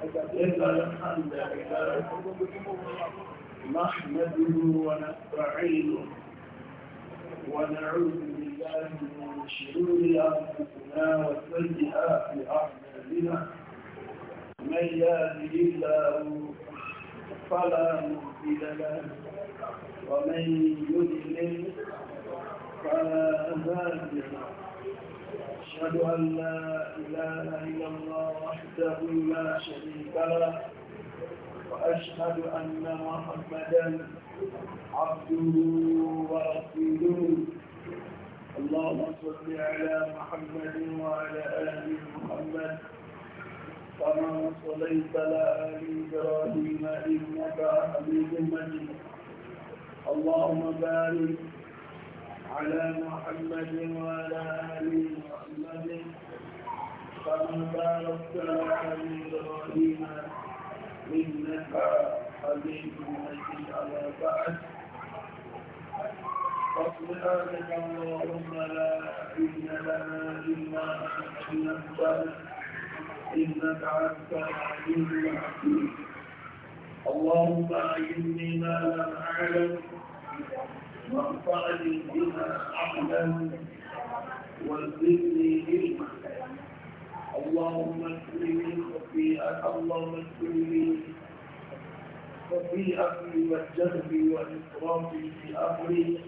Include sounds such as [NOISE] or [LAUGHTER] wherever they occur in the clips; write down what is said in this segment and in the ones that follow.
الحمد لله نحمده ونستعينه ونعوذ بالله من شرور انفسنا وسيئات اعمالنا من يهده الله فلا مضل له ومن يضلل فلا هادي له أشهد أن لا إله إلا الله وحده لا شريك له وأشهد أن محمدا عبده ورسوله اللهم صل على محمد وعلى آل محمد كما صليت على آل إبراهيم إنك حميد مجيد اللهم بارك على محمد وعلى آل محمد كما باركت على إبراهيم إنك حميد مجيد على بعد فاصبحانك اللهم لا علم لنا إلا ما علمتنا إنك عبد العليم الحكيم اللهم علمني ما لم أعلم وانفعني بما أعلم وزدني علما اللهم اغفر لي خطيئة اللهم اغفر لي خطيئتي والجهل وإسرافي في أمري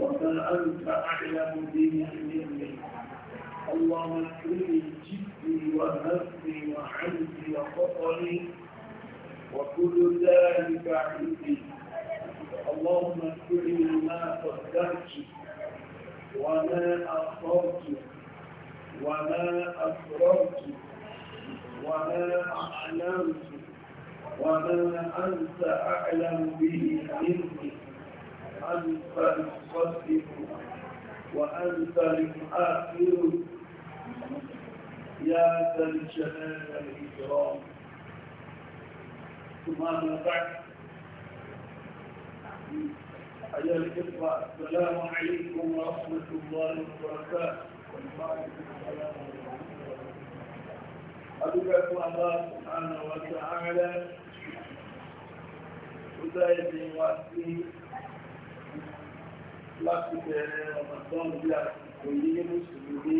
وما أنت أعلم به مني اللهم اغفر لي جدي ونفسي وحمدي وفطري وكل ذلك عندي اللهم اغفر لي ما قدرت وما أخرت وما أسررت وما أعلمت وما أنت أعلم به مني أنت المقدم وأنت المؤخر يا ذا الجلال والإكرام ثم بعد أيها الإخوة السلام عليكم ورحمة الله وبركاته أدعوك الله سبحانه وتعالى وزايد واسي láti bẹ̀rẹ̀ ọ̀pàdán bí a kò yí ní mùsùlùmí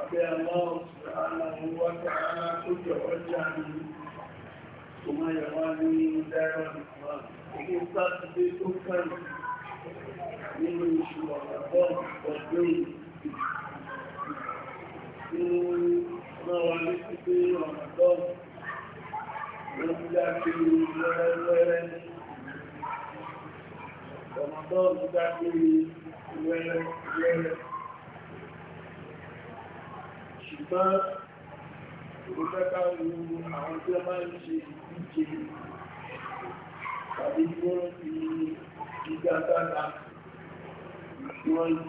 abẹ́ àwọn ọ̀sùn àwọn wákàá tó jẹ́ ọjà tó máa yẹ wá ní dára ní sátidé tó kẹ́rù nínú oṣù àkọ́kọ́ ọdún yìí máa wà ní títí ọ̀nàkọ́ lọ́dúnjá ti wẹ́rẹ́wẹ́rẹ́ ó fẹ́ ká ru àwọn tí wọ́n máa ń ṣe ìdíje tàbí tí wọ́n fi ìgbà dára tí tó bá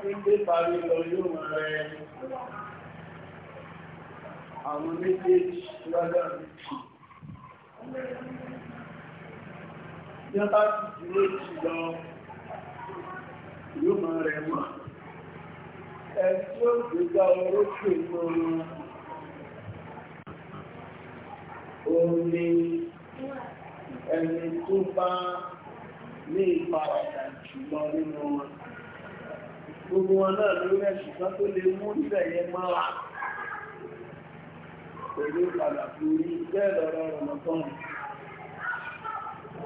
ti ń dé parí lọ yóò máa rẹ àwọn méjèèjì lọ́dọ̀ tí wọ́n bá ti jù méjì lọ yóò máa rẹ̀ mọ́ ẹ tí ó gbégbá orókè mọ́ omi ẹni tó bá ní ìfaradà jùlọ nínú wọn gbogbo wọn náà ló rẹ̀ ṣùgbọ́n tó lè mú ilẹ̀ yẹn mọ́ra pẹ̀lú padà fún orí bẹ́ẹ̀ lọ́rọ̀ rọ̀mọ́tọ́nù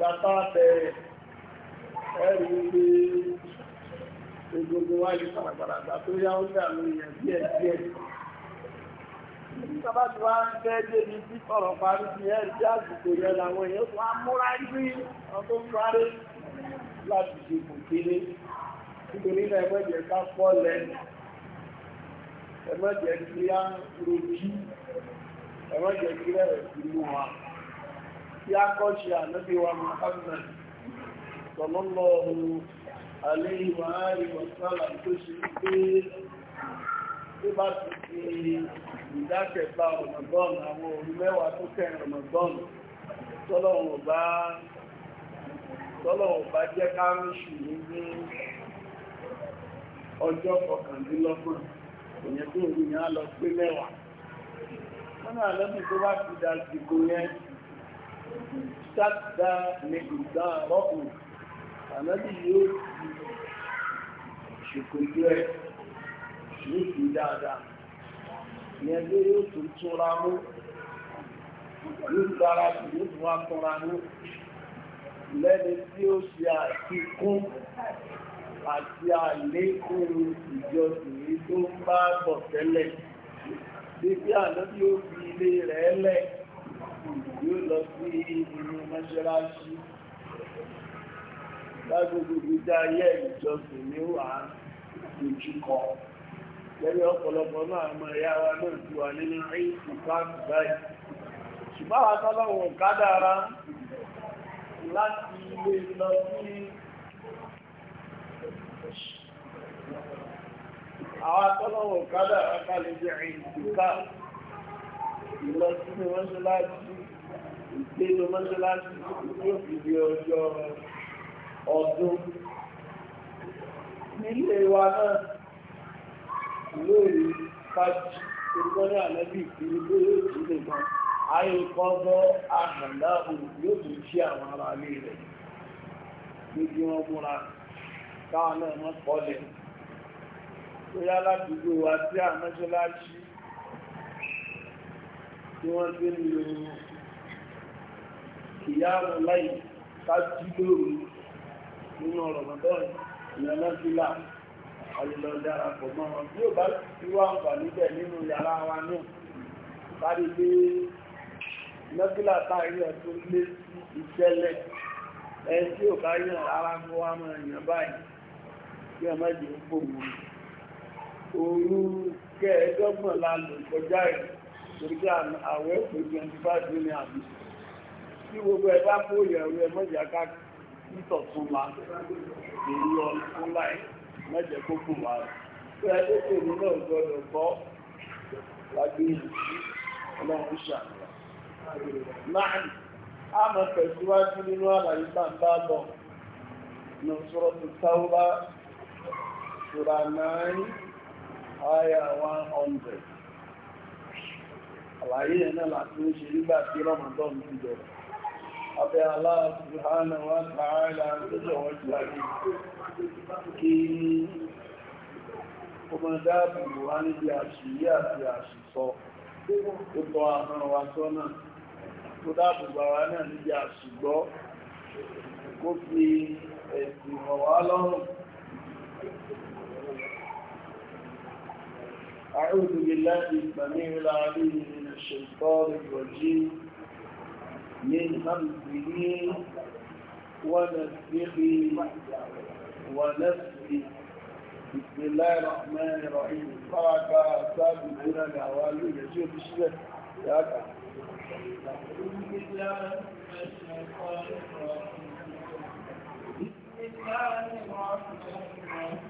gbàtà bẹ̀rẹ̀ ẹ̀rù pé egungun wáyé pàràpàràpà tó yá ó dà lórí ẹ̀ díẹ̀ díẹ̀. Nígbà tí wá ń fẹ́ débi tí ọ̀rọ̀ parí ti ẹ̀ tí àsìkò yẹn làwọn èèyàn tó á múra sí ọdún ń parí láti ṣe kò kéré. Nítorí náà ẹgbẹ́ jẹ́ ká fọ́ lẹ. Ẹgbẹ́ kí á rojú. Ẹgbẹ́ kí rẹ̀ rẹ̀ sí mú wa. yá kọ́ṣe ànábì wa Muhammad sallallahu alaihi wa alihi wa sallam tó ṣe pé tó bá ti fi ìdákẹta Ramadan àwọn òru tó kẹ́ Ramadan tọ́lọ́wọ̀n bá jẹ́ ní ọjọ́ lọ pé sáàdá ní ìgbà rọ́pù ànábì yóò fi ṣòkòtò ẹ̀ nífi dáadáa ní ẹgbẹ́ yóò tún túnra mú yóò dára sí yóò tún wá túnra mú lẹ́ni tí ó ṣe àfikún àti àlékún ìjọsìn yìí tó ń bá bọ̀ tẹ́lẹ̀ bí ànábì yóò fi ilé rẹ̀ lẹ̀. yóò lọ lẹ́yìn ọ̀pọ̀lọpọ̀ náà àmọ́ ẹ̀yà wa náà tí wà nínú ẹ̀yìn pàǹtì báyìí ṣùgbọ́n àwọn akọ́lọ́wọ̀ kádàrá láti ilé lọ sí àwọn kádàrá kálẹ̀ jẹ́ ẹ̀yìn nínú mọ́ṣáláṣí yóò fi di ọjọ́ ọdún nílé wa náà lórí pàjì orúkọ́lé àlẹ́bí ìpínlẹ̀ tó yóò tún lè mọ́ ayé kọ́gbọ́ àgbàdá òun yóò tún ṣí àwọn ará ilé rẹ̀ lójú wọn múra káwọn náà mọ́ kọ́lẹ̀ tó yá ládùúgbò wa sí àmọ́ṣáláṣí tí wọ́n gbé ní ìyáàrùn láì kájú lóru nínú Ramadan ìyẹn lọ́sílà àlùlọ darapọ̀ mọ́ wọn bí ó bá ti wá ń fà níbẹ̀ nínú yàrá wa náà kárí pé lọ́sílà táàrí ẹ̀ tó lé sí ìṣẹ̀lẹ̀ ẹ tí ò bá yàn rárá fún wa mọ̀ èèyàn báyìí kí ọmọ ìdí ń pò mọ́ òru kẹẹ̀ẹ́dọ́gbọ̀n la lò kọjá ẹ̀ torí pé àwẹ̀ pé twenty five million tí gbogbo ẹ bá kó ìyẹ̀wò ẹ mọ̀jà ká títọ̀ tún la èyí ọ tún láì mẹ́jẹ kó kù wá rẹ̀. ẹ tó tó ní náà gbọdọ̀ lágbé ọlọ́run ṣàlùwà. a mọ̀ tẹ̀síwájú nínú àlàyé lọ. sura nine aya one hundred. Àlàyé yẹn náà láti ń ṣe Ramadan ti bẹ̀rẹ̀. abẹ́ Allah subhanahu wa ta'ala tó jọ̀wọ́ jàrí kí ó mọ́ dáàbò wá níbi àṣìyí àti àṣìsọ tó tọ́ àwọn wa sọ́nà tó dáàbò bá wá náà níbi àṣìgbọ́ kó fi ẹ̀sìn ọ̀wá lọ́rùn أعوذ بالله من الشيطان الرجيم من همزه ونفسه ونفسه بسم الله الرحمن الرحيم قرأت من هنا الأوالي يجيب الشيء يا بسم الله الرحمن الرحيم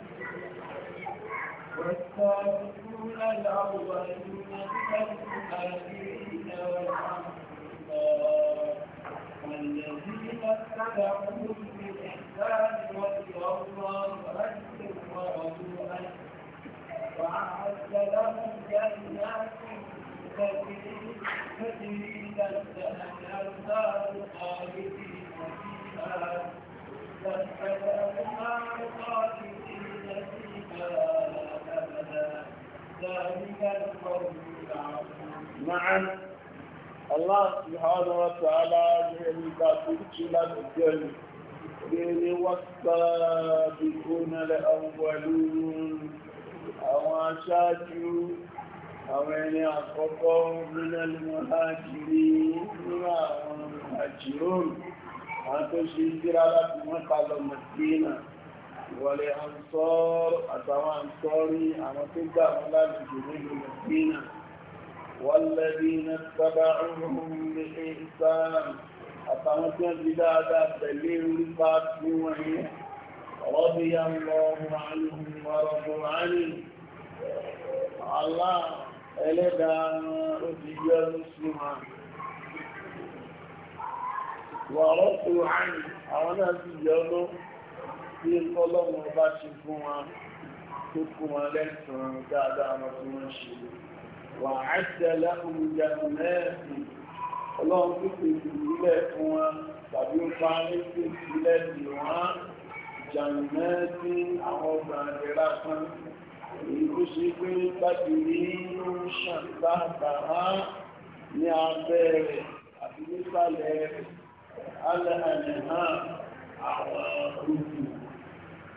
والسابقون الأولين من المهاجرين والعمل والذين اتبعوهم بالإحسان رضي الله عنهم ورضوا لهم جنات تجري تحتها الأنهار فيها تحت الأنهار فيها أبدا ذلك القول العظيم نعم Allah subhanahu wa ta'ala ní ẹni bá burúkú láti jẹ́lu rere wọ́pá bíkúnlẹ̀ ọ̀wọ̀lú àwọn aṣáájú àwọn ẹni àkọ́kọ́ nílẹ̀lẹ́mọ̀ láàkiri nínú àwọn àjíròrò àwọn tó ṣe ìdíra láti wọ́n kalọ̀ mọ̀síínà ìwọ̀lẹ̀ àǹsọ́rọ̀ àtàwọn àǹsọ́rí àwọn tó gbà wọn láti jù nílùú والذين اتبعوهم بإحسان أتمتع بدادا دليل الفاتح وهي رضي الله عنهم ورضوا عنه الله ẹlẹ́dàá òjì yọ lóṣùmá wọ̀rọ̀ tó hàn àwọn náà sì yọ ló bí ọlọ́run bá ṣe fún wa tó fún wa lẹ́sàn-án dáadáa wọn tí wọ́n ṣe lóṣùmá wà á tẹ̀lé oúnjẹ mẹ́ẹ̀sì ọlọ́run tó ti fi sílẹ̀ fún wa tàbí ó pa ní tó sílẹ̀ sí wọn jàǹmẹ́ẹ̀sì àwọn ọgbà ìrẹ́ra kan èyí tó ṣe pé láti rí ló ń ṣàn ní abẹ́ rẹ̀ àti nísàlẹ̀ rẹ̀ alẹ́ àmì hàn àwọn olùkù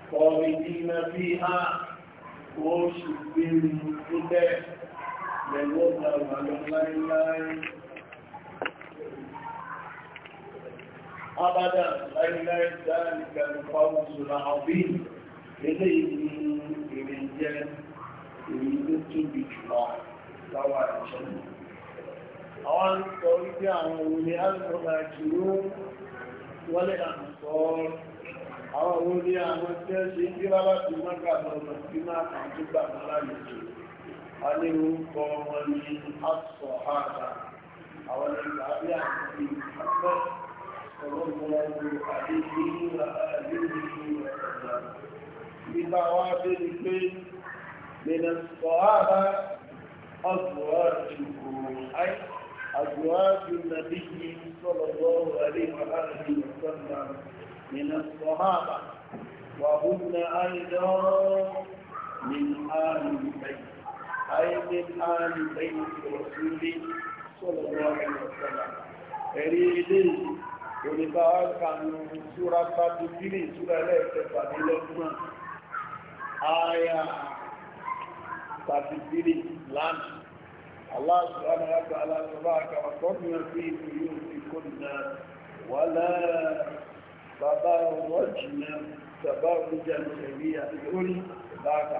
kọ̀ọ̀rì ní nàbí hàn wọ́n ṣùgbẹ́rù tó bẹ́ẹ̀ pẹ̀lú ọ̀pọ̀ àgbàlọ́ láíláí abada láíláí dáríkà nípa òṣùlá àbí ilé ìlú èrè jẹ́ èyí tó tóbi jùlọ láwà ìṣẹ́ àwọn àìsọ wípé àwọn òní àìsọ nàìjíríà wọlé àìsọ àwọn òní àwọn tẹ́ ṣe ń gbé lábàtí mọ́gbà lọ́nà sí máa kàn tó gbà lára ìjọba alérúkọ wọn ní asọ̀hádà àwọn ìgbàgbé àti ìfẹ́ ọlọ́gbọ̀n àdéhùn àdéhùn ọ̀dà nígbà wá débi pé lẹ́nà sọ̀hádà أزواجه أي أزواج النبي صلى الله عليه وآله وسلم من الصحابة وهن أيضا من آل البيت أي An آل بيت رسول صلى الله عليه وسلم إليه onígbà kanu súra sáàbù kiri ìsúra ẹlẹ́ẹ̀kẹfà nílọ́gbọ̀n àyà tàbíbírì lánà aláàtúwánà àgbà aláàtúwá àkàwà kọ́mìnà sí ìlú yóò fi kó nà wà láà bàbá ọwọ́ jìnà bàbá òjò jẹ́ ìṣẹ̀rí àti orí bàbá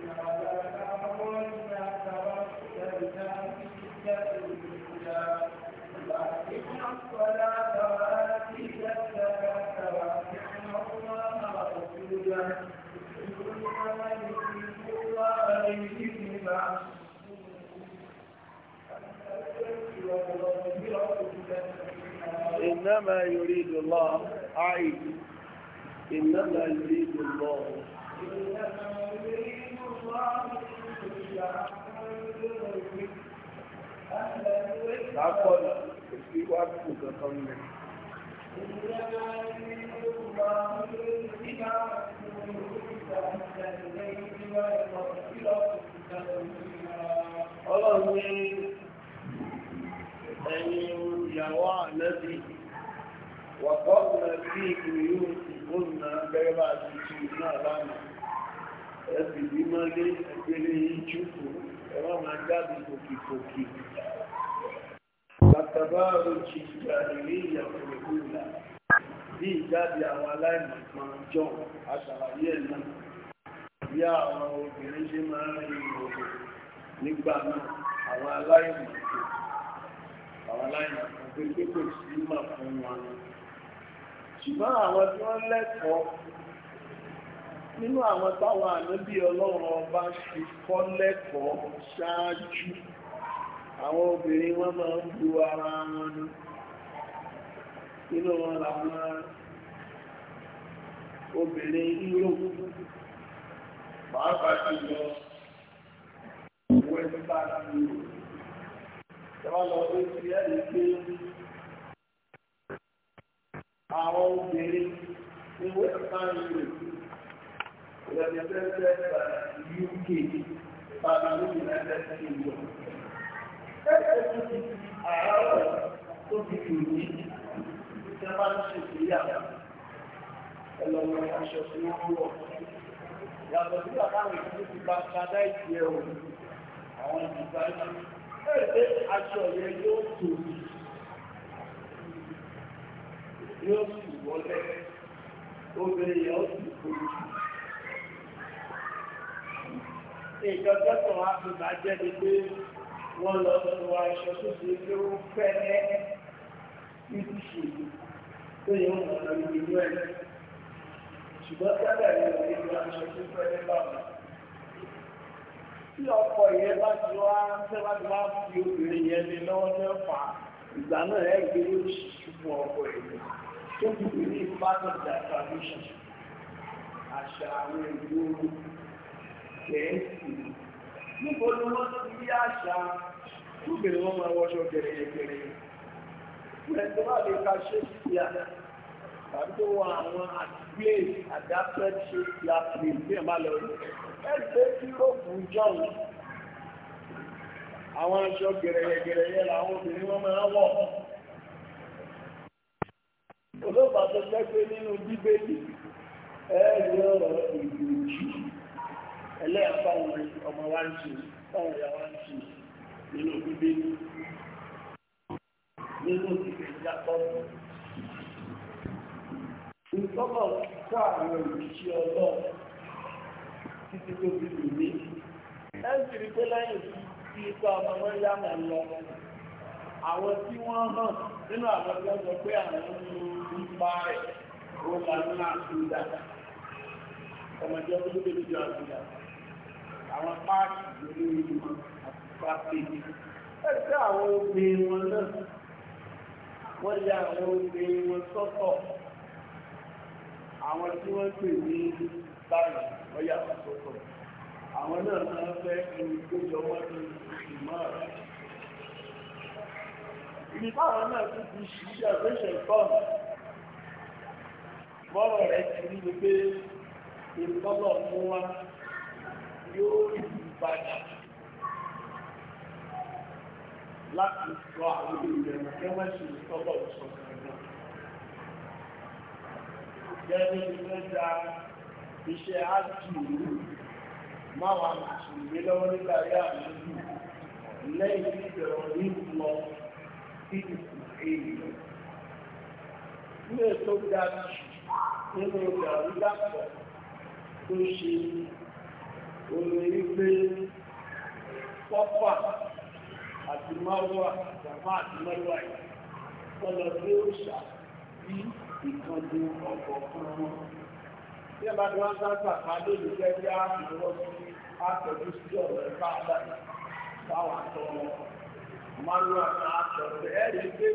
إنما يريد الله عيد إنما يريد الله إنما يريد الله أقول الله Ọlọ́run ẹni ìyàwó àlẹ́bí wàkọ́ọ̀nà bí ìlú ìgbónà bẹ́rẹ̀bà ti tu náà lánàá ẹbí bí máa lé ẹgbẹ́lẹ́ yìí jùkú ẹwà máa jáde kòkìkòkì bàtàbá òjì ìjàdì ní ìyàwó ìlà bí ìjáde àwọn aláìmọ̀kan jọ aṣàlàyé ẹ̀ náà bí àwọn obìnrin ṣe máa ń rin ìròyìn nígbà náà àwọn aláìmọ̀kan àwọn aláìmọ̀kan pé pé kò sí mà fún wọn ṣùgbọ́n àwọn tí wọ́n lẹ́kọ̀ọ́ nínú àwọn táwọn ànábì ọlọ́run ọba ṣe kọ́ lẹ́kọ̀ọ́ ṣáájú àwọn obìnrin wọn máa ń bu ara wọn nínú wọn làwọn obìnrin Europe pàápàá jùlọ west bank Europe. Ìjọba lọ sí àwọn obìnrin ní western europe represented by uk pàtàkì united kingdom ẹgbẹ́ tó ti fi àárọ̀ tó ti fi òní tí a bá ń ṣe ìgbéyàwó ẹlọ́wọ́ aṣọ tí wọ́n wọ̀ yàtọ̀ sí àtàwọn ìdílé ti bá ṣáda ìdí ẹ̀wọ̀n àwọn ìdìbò ẹ̀ṣẹ̀ aṣọ yẹn yóò tòbi yóò sì wọlé obìnrin yẹn ó sì kúrú. Nǹkan tẹ́tọ̀ wá fi bá jẹ́ pé wọ́n lọ sọ aṣọ tó ṣe pé ó fẹ́ ẹ́ títí ṣe tó yẹ wọ́n lọ rí inú ẹ̀. Ṣùgbọ́n tẹ́lẹ̀ ni òun ní aṣọ tó fẹ́ ní bàbá. Tí ọkọ̀ yẹn bá ti wá tẹ́ bá ti wá fi obìnrin yẹn ní lọ́wọ́ ní ọ̀fà ìgbà náà ẹ̀ gbé lóṣù fún ọkọ̀ yẹn. Don't you believe part of that tradition? Àṣà àwọn ìlú Gẹ̀ẹ́sì. Níbo ni wọ́n ti rí àṣà lóbìnrin wọn máa wọṣọ gẹ̀rẹ́gẹ̀rẹ́? Ìrẹ̀tọ́ bá lè ka ṣé sí àná. Tàbí tó wọ àwọn àtìgbé adapted shape láti ìgbé ẹ̀ má lọ rí. Ẹgbẹ́ tí Róòpù John àwọn aṣọ gẹ̀rẹ́gẹ̀rẹ́ yẹn làwọn obìnrin wọn máa wọ̀ olóòpàá tó jẹ́ pé nínú bíbélì ẹ̀rọ ìgbòjì ẹlẹ́ẹ̀fà ọmọ wa ń ṣe táwọn ìyá wa ń ṣe nínú bíbélì nínú ìgbèjì àkọ́kọ́ ìtọ́kọ̀ kó àwọn òṣìṣẹ́ ọlọ́ọ̀ títí tó fi lù mí. ẹ ń sì rí pé lẹ́yìn tí ipa ọmọ wọn yá máa lọ àwọn tí wọ́n hàn nínú àwọn tí wọ́n sọ pé àwọn ń bá rẹ̀ ó ma ní àtúndà ọmọdé ọdún tó bèbè jọ àtúndà àwọn páàkì lórí ìlú àti pàtẹ́jì ẹgbẹ́ àwọn obìnrin wọn náà wọ́n ya àwọn obìnrin wọn sọ́tọ̀ àwọn tí wọ́n pè ní báyìí wọ́n yà wọ́n sọ́tọ̀ àwọn náà máa fẹ́ ẹni tó jọ wọ́n ní ìmọ̀ rẹ̀ ibi táwọn náà tún ti ṣì í ṣàgbéṣẹ̀ tọ́nù bọ́rọ̀ rẹ̀ ti rí ni pé ìtọ́lọ̀ mú wa yóò rí ìpadà láti sọ àwọn èèyàn kí wọ́n ṣe ìtọ́lọ̀ ìṣọ̀kan náà. Gẹ́gẹ́ bí wọ́n da iṣẹ́ ájú ìlú máa wà lọ́wọ́ nígbà yá àmì lẹ́yìn ìbẹ̀rọ̀ ní ìlọ. sí ìsìnkú ilé tó ga nínú ìdàrúdàpọ̀ tó ṣe olórí pé pọ́pà àti márùwà jàmá àti márùwà yìí tí ó ṣà bí ìkànnì ọkọ̀ kan wọn. Bí ẹ bá ti wọ́n pàdé fi sí sí àdáyé báwọn márùn àti àtọ̀tẹ̀ ẹ̀rí pé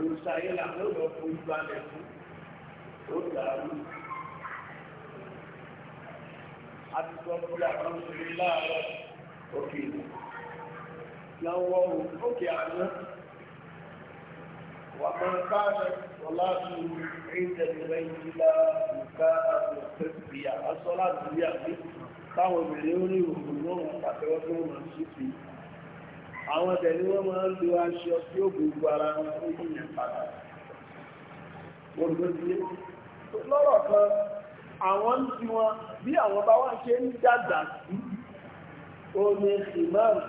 òòṣà yẹn là ló lọ fún ìgbàlẹ̀ fún ó dàrú. a ti sọ fún àwọn òṣèré láàárọ̀ òkè lọ́wọ́ òkè àná ومن كانت صلاته عند البيت لا بكاء وتسبيح الصلاة هي táwọn obìnrin ó ní òògùn náà àtẹwọ́tò wọn sí fi àwọn ẹ̀bẹ̀ ni wọ́n máa ń lo aṣọ tí ó gbogbo ara wọn tó yí yẹn padà wọ́n ló ti yé lọ́rọ̀ kan àwọn ń ti wọn bí àwọn bá wá ṣe ń dàgbà sí omi ìmáàmù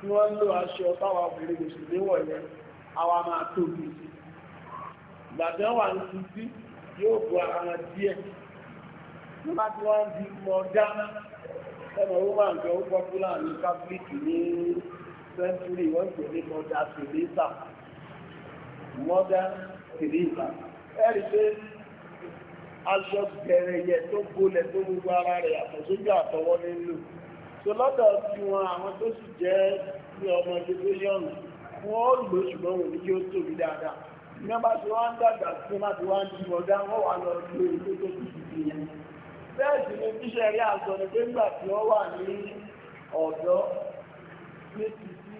tí wọ́n lo aṣọ táwọn obìnrin kò sì léwọ̀ yẹn àwa máa tóbi sí ìgbàdàn wà ń ti yóò bu ara wọn díẹ̀ nígbà tí wọ́n ń di mọ̀ dáná ẹmọ owó máa ń jẹ owó pọ́pùlà ní kábílíkì ní sẹ́ńtúrì wọ́n pè ní mọ́dà tìrìsà mọ́dà tìrìsà ẹ̀rí pé aṣọ gẹ̀rẹ̀yẹ tó bolẹ̀ tó gbogbo ara rẹ̀ àtọ̀sójú àtọwọ́ nílò so lọ́dọ̀ tí wọn àwọn tó sì jẹ́ ní ọmọ ìdíbílíọ̀nù wọn ó lò ṣùgbọ́n òní yóò tóbi dáadáa ní wọn bá ti wá ń dàgbà tí wọn bá ti wá ń jí wọn wọn wà lọ sí orí tó tóbi jù sí yẹn bẹ́ẹ̀ sì ni bíṣẹ́ rí àjọ ni pé nígbà tí wọ́n wà ní ọ̀dọ́ ní ti sí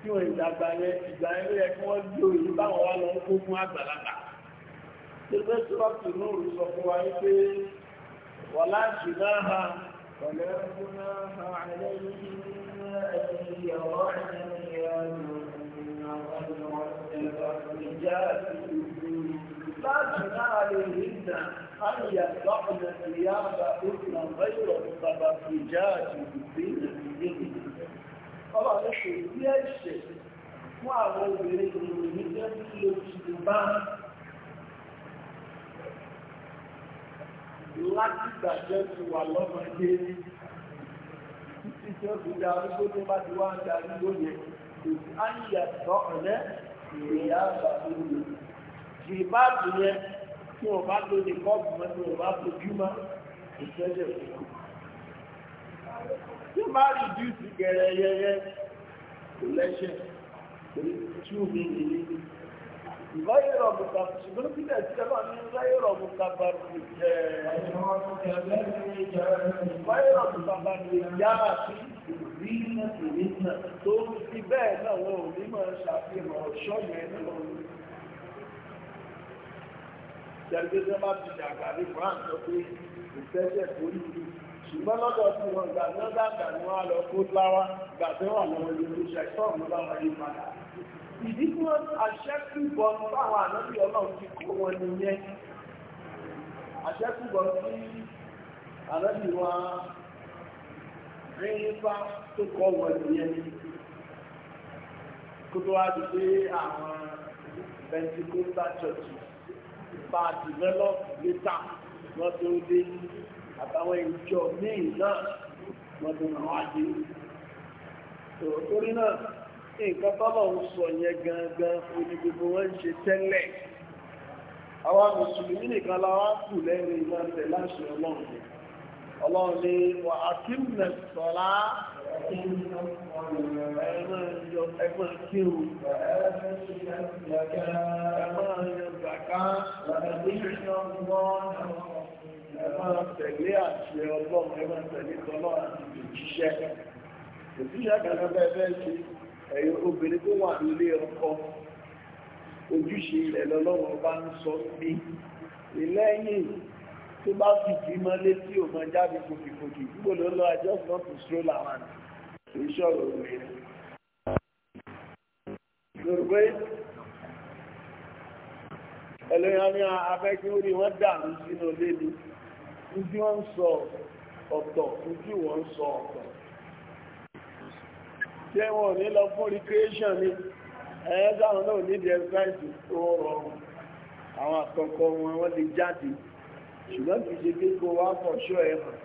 tí wọ́n ìdàgbà yẹn ìgbà yẹn ló yẹ kí wọ́n gbé òyìn báwọn wá lọ ń kó fún àgbàlagbà. Ṣébẹ́ Sọ́ọ̀tù Nóòrù sọ fún wa wípé wà láti náà ha wọ̀lẹ́ fún náà ha àlẹ́ yìí ní ẹ̀yìn ìyàwó ẹ̀yìn ìyàwó láti náà lè rí ìdáná. أن يضعن ثيابهن غير متبرجات بزينتهن ọba ló ṣe ìdí ẹ̀ṣẹ̀ fún àwọn obìnrin ìròyìn ní jẹ́ kí o ti bá láti gbàjẹ́ ti wà lọ́mọdé títí tí ó fi dá arúgbó tó bá ti wá ń da arúgbó kò sí áyíyà tọ́ ọ̀lẹ́ ìrìyà àgbà tó lò jìbáàbù tí wọ́n bá lo lè kọ́ọ̀bù mọ́ tí wọ́n bá lo júmọ́ ìṣẹ́lẹ̀ fún wọn. tí wọ́n bá rí díùsì gẹ̀rẹ́ yẹyẹ kò lẹ́ṣẹ̀ tí ó mi lè Ìbáyé rọ̀ bùkà ṣùgbọ́n sílẹ̀ sílẹ̀ náà ní ìbáyé rọ̀ bùkà bá rù jẹ́ ìbáyé rọ̀ bùkà bá rù yára sí ìrìnà ìrìnà tó ti bẹ́ẹ̀ náà wọn ò ní máa ṣàfihàn ọ̀ṣọ́ yẹn náà jẹ́rìndínlẹ́ má ti dàgbà ní france sọ pé kò tẹ́sẹ̀ tó ní ìlú ṣùgbọ́n lọ́dọ̀ tí wọ́n gbà ní ọ̀dà àgbàní wọn lọ kó láwá gbà tẹ́ wà lọ́wọ́ ní oṣù ṣẹ̀tọ́ọ̀ ló bá wọn yí padà. ìdí tí wọ́n aṣẹ́kù bọ̀ táwọn ànábì ọlọ́run ti kó wọn nìyẹn aṣẹ́kù bọ̀ sí ànábì wọn rí nípa tó kọ́ wọn nìyẹn kó tó wá di pé àwọn Pentecostal churches bá a develop later wọ́n tó dé àtàwọn ìjọ míì náà wọ́n tó náà wá dé. Torí náà, nǹkan tọ́lọ̀ ń sọ yẹn gangan oní gbogbo wọn ń ṣe tẹ́lẹ̀. Àwọn mùsùlùmí nìkan la kù lẹ́yìn ìlànà láṣẹ ọlọ́run ọlọ́run ní wà á kí mẹ sọ́lá ẹgbẹ́ kí o ẹgbẹ́ yọ̀gbàká ẹgbẹ́ tẹ̀lé àti ọlọ́run ẹgbẹ́ tẹ̀lé tọ́lọ́ àti ìjíṣẹ́ òjíṣẹ́ kan bẹ́ẹ̀ bẹ́ẹ̀ ṣe ẹ̀yọ obìnrin tó wà nílé ọkọ ojúṣe rẹ̀ lọ́lọ́run ọba ń sọ bí lẹ́yìn tó bá fi fi mọ́ létí ò mọ́ jáde kòkìkòkì gbogbo ló lọ ẹjọ́ fún ọ̀tún stroll àwọn àná kì í ṣọ̀rọ̀ òwe rẹ̀. yorùbá ẹlẹ́yìn ní abẹ́kí orí wọn dàrú sínú ilé ni ojú wọn ń sọ ọ̀tọ̀ ojú wọn ń sọ ọ̀tọ̀. ṣé wọn ò ní lọ fún recreation ni ẹ̀yẹ́ sáwọn náà nídìí ẹ̀fẹ́ ìsìnkú ọ̀rọ̀ àwọn àkọ́kọ́ wọn wọ́n lè jáde ṣùgbọ́n kì í ṣe pé kó wá pọ̀ ṣọ́ ẹ hàn.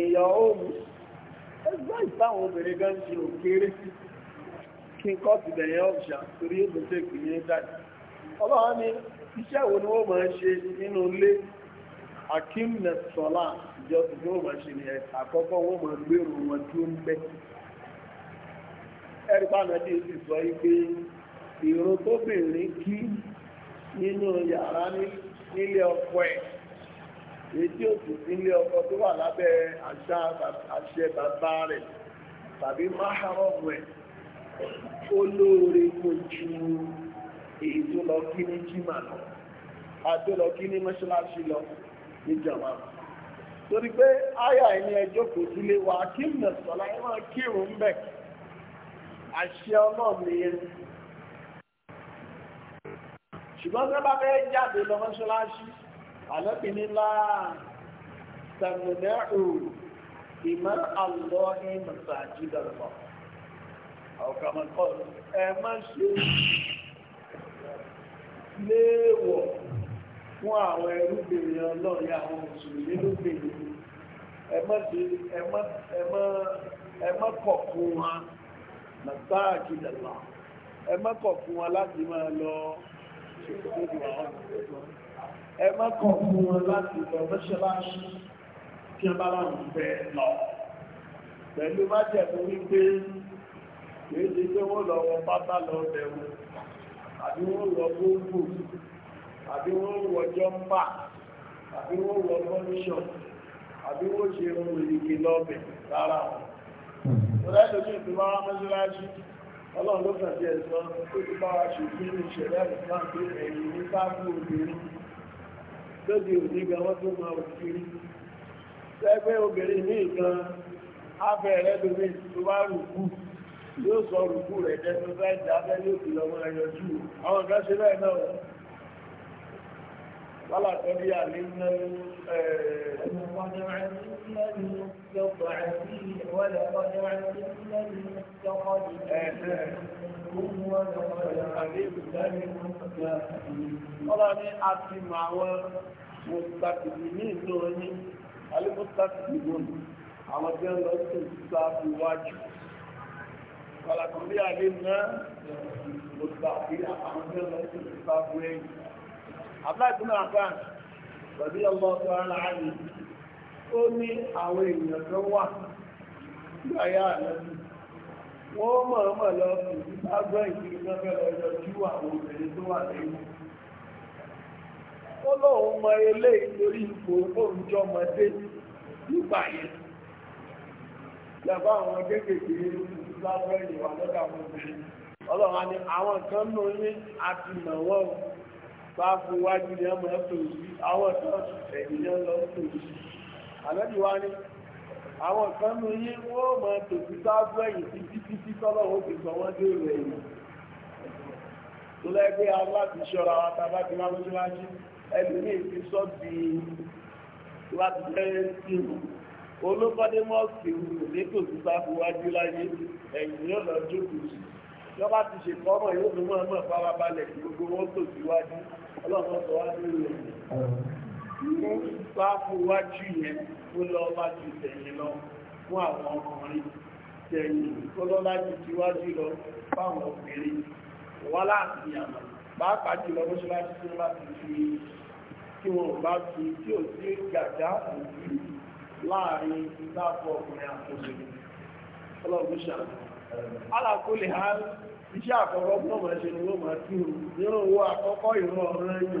èèyàn òòmù ẹgbẹ́ ìtàwọn obìnrin gan ṣe òkèrè kí n kọ́ ti bẹ̀yẹn ọ̀ṣà torí èdè tó ìpínlẹ̀ dáì. ọlọ́run ni iṣẹ́ wo ni wọ́n máa ń ṣe nínú ilé akim nẹ̀sọ́lá ìjọsìn tí wọ́n máa ṣe ni àkọ́kọ́ wọ́n máa gbèrò wọn tó ń bẹ́. ẹ̀rí pàmò dé sọ yìí pé ìrò tóbìnrin kí nínú yàrá nílé ọkọ ẹ̀ èyí tí nílé ọkọ tó wà lábẹ́ àṣẹ bàbá rẹ̀ tàbí máhàrọ̀mù ẹ̀ ó lóore kò ju èyí tó lọ kí ní jimá lọ àti lọ kí ní mọ́ṣáláṣí lọ níjọba torí pé àyà ẹni ẹjọ kò sílé wa kí nà sọ̀lá ẹ máa kírun bẹ̀ àṣẹ ọlọ́run nìyẹn ṣùgbọ́n tó bá fẹ́ jáde lọ mọ́ṣáláṣí àlọ́bì nílá tẹ̀mùnẹ́rù ìmọ̀ àlọ́ ní mọ̀sáàjì dọ̀rọ̀ ọ̀kàmọ̀kọ́ ẹ má ṣe léèwọ̀ fún àwọn ẹrúbìnrin ọlọ́ọ̀yà àwọn mùsùlùmí lóbìnrin ẹ má ṣe ẹ má ẹ má ẹ má fún wa mọ̀sáàjì dọ̀rọ̀ ẹ fún wa láti máa lọ ẹ má kọ̀ fún wọn láti lọ mọ́ṣáláṣí kí wọ́n bá wọn fẹ́ lọ pẹ̀lú májẹ̀mú wípé kìí ṣe pé wọ́n lọ wọ pátá lọ bẹ̀rù àbí wọ́n wọ gbogbo àbí wọ́n wọ jọ́mbà àbí wọ́n wọ kọ́míṣọ̀ àbí wọ́n ṣe ohun ìrìnkè lọ́bẹ̀ rárá wọn. Hmm. Ọ̀rẹ́ lójú ìtura mọ́ṣáláṣí ọlọ́run ló kàn sí ẹ̀sán tó ti bá wa ṣòfin ní ìṣẹ̀lẹ̀ ìsìlám pé ẹ̀yìn ní sáàbù obìnrin lóde òní gan wọ́n tó máa òkiri sẹ́gbẹ́ obìnrin ní ìkan abẹ́rẹ́ lómi tó bá rùkú ṣe ولقد علمنا المستقدمين ولقد علمنا المستقدمين ọlọ́ni a ti mọ àwọn mùsàkìdì ní ìṣòro ní alimùsàkìdì lónìí àwọn tí wọ́n lọ sí ìṣúta iwájú kọlàkùnrin àlè náà mùsàkìdì àwọn tí wọ́n lọ sí ìṣúta iwájú abúláìbùn àbá pẹ̀lú ọmọ ọ̀tọ̀ ó ní àwọn èèyàn tó wà gbáyà àlọ́bí wọ́n mọ̀ọ́mọ̀ lọ sí agbọ́ ìgbìmọ̀ lọ́fẹ́ lọ́jọ́ tí àwọn obìnrin tó wà lẹ́yìn ó lóun mọ ipò ọmọdé nígbà yẹn yàgbọ́ àwọn kéékèèké lábẹ́ ìwà àwọn kan nù yín wọ́n mọ̀ tòkí sáájú ẹ̀yìn tí títí tí tọ́lọ́wọ́ fi sọ wọ́n dé ìrẹ̀ ẹ̀yìn tó lẹ́gbẹ́ aláti ṣọ́ra wa tàbá ti máa lójú wájú ẹlòmíì ti sọ di láti fẹ́ sí i olókọ́dé mọ́ọ̀sì òkú nítòsí sáfù wájú láyé ẹ̀yìn yóò lọ jókòó sí lọ́ba ti ṣètò ọmọ yóò tó mọ̀ ọmọ farabalẹ̀ gbogbo wọn tòsí wájú ọlọ́run sọ wá nílùú mú báàbù wájú yẹn ó lọ bá tẹ̀yìn lọ fún àwọn ọkùnrin tẹ̀yìn tó lọ́lá lọ fáwọn obìnrin láti àmà pàápàá jùlọ láti fi wọn bá fi tí ò sí gàdá láàrin ha iṣẹ́ àkọ́kọ́ bọ́ọ̀mọ̀ ẹ̀ṣẹ̀ ni wọ́n máa nínú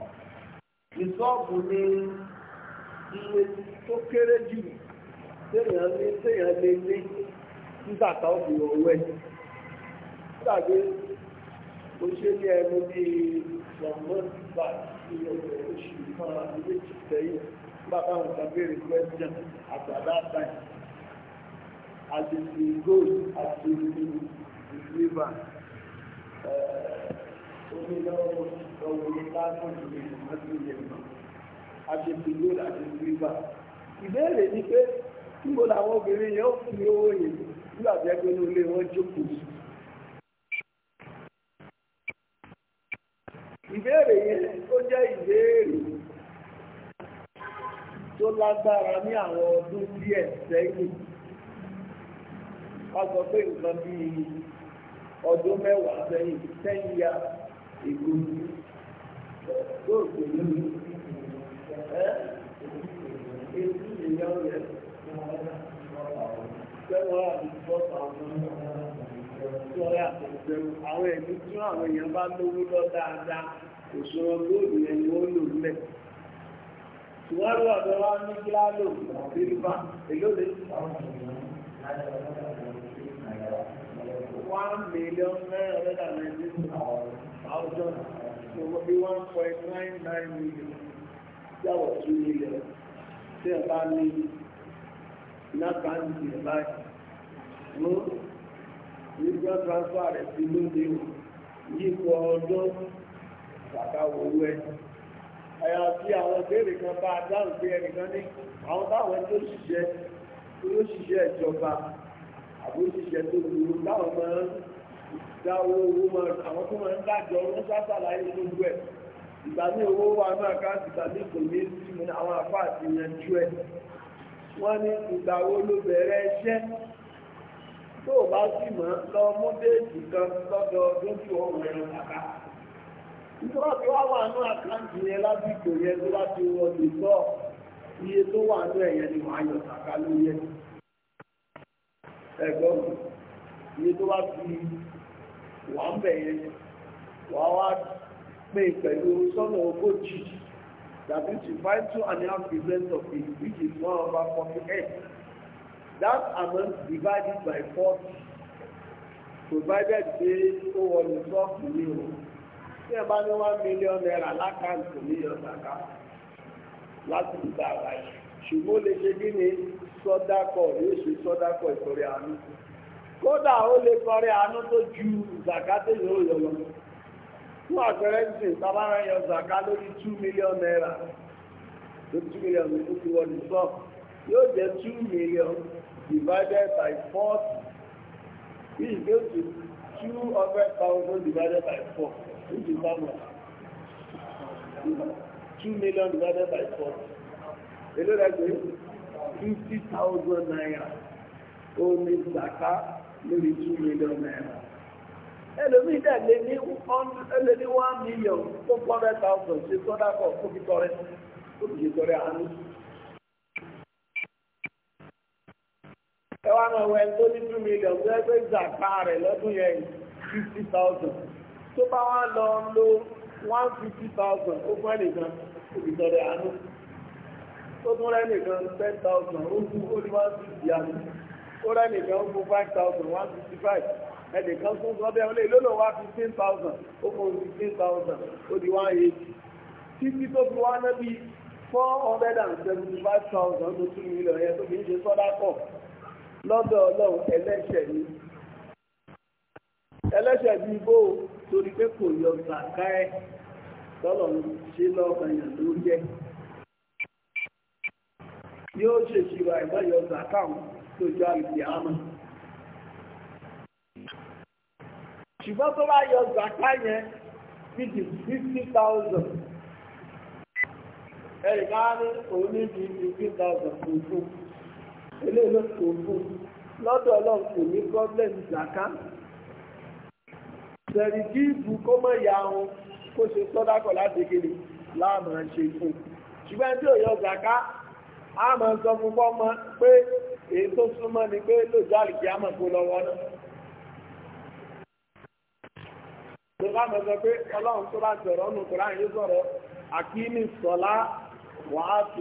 ìsọ́ọ̀bù ni iye tó kéré jù téèyàn lé téèyàn lé lé nígbà táwọn fi owó ẹ̀ nígbàgbé mo ṣe ní ẹnu bíi ìwọ̀nmọ́tìgbà tí oṣù kan àti méjì sẹ́yìn nígbà táwọn kan béèrè question àgbàdo àtàyè àti ti gold àti ti silver omi lọ́wọ́ lọ́wọ́ ní pásọ̀tì ní ìmọ̀tí ìyẹ̀mọ̀ àṣepì ló láti gbígbà ìbéèrè ni pé níbo làwọn obìnrin yẹn ó fún mi owó yẹn nígbà tí ẹgbẹ́ inú ilé wọn jókòó sí. ìbéèrè yẹn ó jẹ́ ìbéèrè tó lágbára ní àwọn ọdún díẹ̀ sẹ́yìn wọ́n sọ pé nǹkan bíi ọdún mẹ́wàá sẹ́yìn sẹ́yìn ya ìgbò yóò pè lórí ẹ ètí ìyá rẹ sẹ́wọ́n àdúgbò sọ́ra àtẹ̀sẹ̀wò àwọn ẹ̀mí tí àwọn èèyàn bá lówó lọ dáadáa òṣùwọ̀n góòlù yẹn ni wọ́n lò lẹ̀. ṣùgbọ́n ọ̀dọ́ wa ní gíláàlò thousand so will be one point nine nine million that was two million tí ẹ bá ní lákàntì ẹ báyìí mú nígbà transfer rẹ sí lóde o yípo ọdún kàkàwọ owó ẹ àyàfi àwọn ìbéèrè kan bá a dáhùn pé ẹnìkan ní àwọn táwọn tó ṣiṣẹ́ tó ṣiṣẹ́ ìjọba àbóṣiṣẹ́ tó dúró táwọn máa ń dáwó owó máa àwọn tó máa ń dájọ wọn ṣàṣàlàyé gbogbo ẹ̀ ìgbà ní owó wà ní kò ní ìsinmi àwọn àfa àti ìyanjú ẹ̀ wọ́n ní ìgbà wo ló bẹ̀rẹ̀ tó bá sì lọ mú déètì kan lọ́dọọdún ẹ̀rọ kàkà tí wọ́n wà ní àkáǹtì sọ iye tó wà ní ni wọ́n ẹ̀gbọ́n wà ń bẹ̀ yẹn wà wá pé pẹ̀lú sọ́nà ogójì that is divide two and a half percent of it which is one over forty-eight that amount divided by forty provided say ó wọlé sọ́ọ̀kì ní o tí ẹ one million naira lákàntì ní ọ̀sàkà láti ìgbà àgbáyé ṣùgbọ́n lè ṣe kí ni sọ́dákọ̀ yóò ṣe sọ́dákọ̀ ìtọ́rẹ àánú. kódà ó lè kọrẹ àánú tó ju zakate yóò yọ lọ fún àpẹẹrẹ ń sìn sábàrà yọ zaka lórí two million naira lórí two million naira ti wọ ní sọ yóò jẹ two million divided by forty bí ìgbé òtún two hundred thousand divided by four which is how much two million divided by four èló rẹ pé fifty thousand naira ó ní zaka lórí two million naira ẹlòmíì dẹ̀ lé ní ẹlẹ́ ní one million tó four hundred thousand ṣe sọ́dá kọ̀ tó fi tọrẹ tó fi tọrẹ àánú. ẹ wá máa wọ ẹni tó ní two million tó ẹgbẹ́ ìjàpá rẹ̀ lọ́dún yẹn fifty thousand tó bá wá lọ lo one fifty thousand ó fún ẹnìkan tó fi tọrẹ àánú tó tún rẹ́ nìkan ten thousand ó fún ó ní one fifty àánú ó rẹ́ nìkan ó fún five thousand one fifty five ẹnìkan fún sọ́bẹ̀ ọ̀lẹ́ ìlólò wá fifteen thousand ó fún fifteen thousand ó di one eighty títí tó fi wá náà bíi four hundred and seventy five thousand tó tún mílíọ̀n yẹn tó fi ń ṣe sọ́dá pọ̀ lọ́dọ̀ ọlọ́run ẹlẹ́ṣẹ̀ ni ẹlẹ́ṣẹ̀ bíi bó torí pé kò yọ gbàgbá ẹ̀ tọ́lọ̀ ń ṣe lọ́ọ̀kan yàn ló jẹ́ yóò ṣèṣirò àìmọ́ yọ gbàgbá wọn. lójú àrùkì ṣùgbọ́n tó bá yọ zàká yẹn ní fifty thousand ẹ̀rì ká òun ní ti fifty thousand kò fún eléyìí ló kò fún lọ́dọ̀ ọlọ́run kò ní problem zàká sẹ̀rì kí kó mọ̀ ya èyí tó súnmọ́ ni pé lójú àlìkíámọ̀ kó lọ́wọ́ náà tó bá mọ̀ sọ pé ọlọ́run tó bá sọ̀rọ̀ ọ̀nà kòrán yóò sọ̀rọ̀ àkíní sọ̀lá wà á tu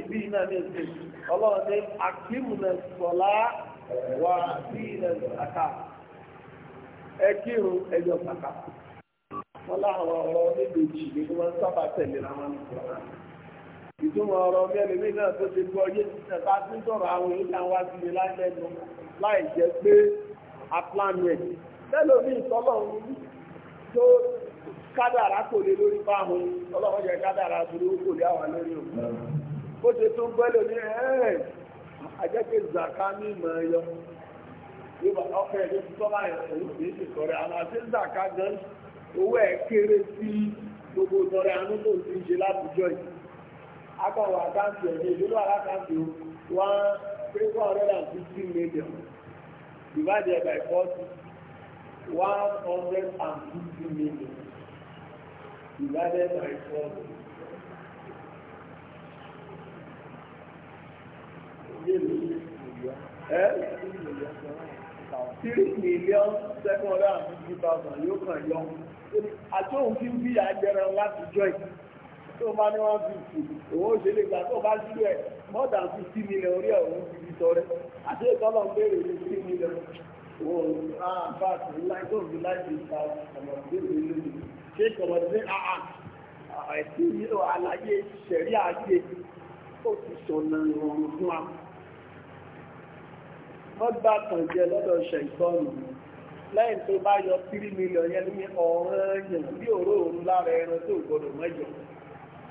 ibi iná ní ẹsẹ̀ ọlọ́run ní àkíní sọ̀lá wà á tu zaka ẹ kírun ẹjọ wọ́n láwọn ọ̀rọ̀ níbi ìjì ni wọ́n sábà tẹ̀lé ìtumọ̀ ọ̀rọ̀ mẹ́rin ní náà tó ṣe gbọ́ yé títẹ̀ bá tí ń sọ̀rọ̀ àwọn èèyàn wá sí ilé lálẹ́nu láì jẹ́ pé aplánù ẹ̀ tẹ́lò ní ìtọ́lọ̀ tó kádàrá kò lè lórí bá hun ọlọ́wọ́ jẹ́ kádàrá burú kò lè àwọn lórí òun bó ṣe tún gbẹ́lò ní ẹ̀ẹ́rẹ̀ àjẹ́kẹ́ zàká ní ìmọ̀ ẹyọ ọkọ̀ ẹ̀ tó ti tọ́lá ẹ̀ òun kì í ṣe tọrẹ àwọn àti zàká gan owó ẹ̀ kéré sí gbogbo akọ̀wọ̀ àkáǹtì ẹ̀mí ìlú alákáǹtì one three hundred and fifty million divided by forty one hundred and fifty million divided by forty. three million seven hundred and fifty thousand yóò kàn yọ àti òun fi ń bí àjẹrán láti jọ ìdí tó bá ní one fifty òun ó ṣe lè gbà tó bá sílù ẹ̀ more than fifty million orí ẹ̀ òun ti fi tọrẹ àti ìtọ́lọ̀ ń béèrè ní fifty million òun náà bá a ti láì tó fi láì fi ta ọmọdé mi lónìí ṣé ọmọdé àà àìsí nílò àlàyé ṣẹ̀rí ayé ó ti sọ̀nà ìrọ̀rùn fún wa. wọ́n gbà kàn jẹ lọ́dọ̀ ṣẹ̀tọ́nù lẹ́yìn tó bá yọ tírí mílíọ̀n yẹn ní ọ̀ràn yẹn bí òróró lára ẹran tó gbọdọ̀ mẹ́jọ.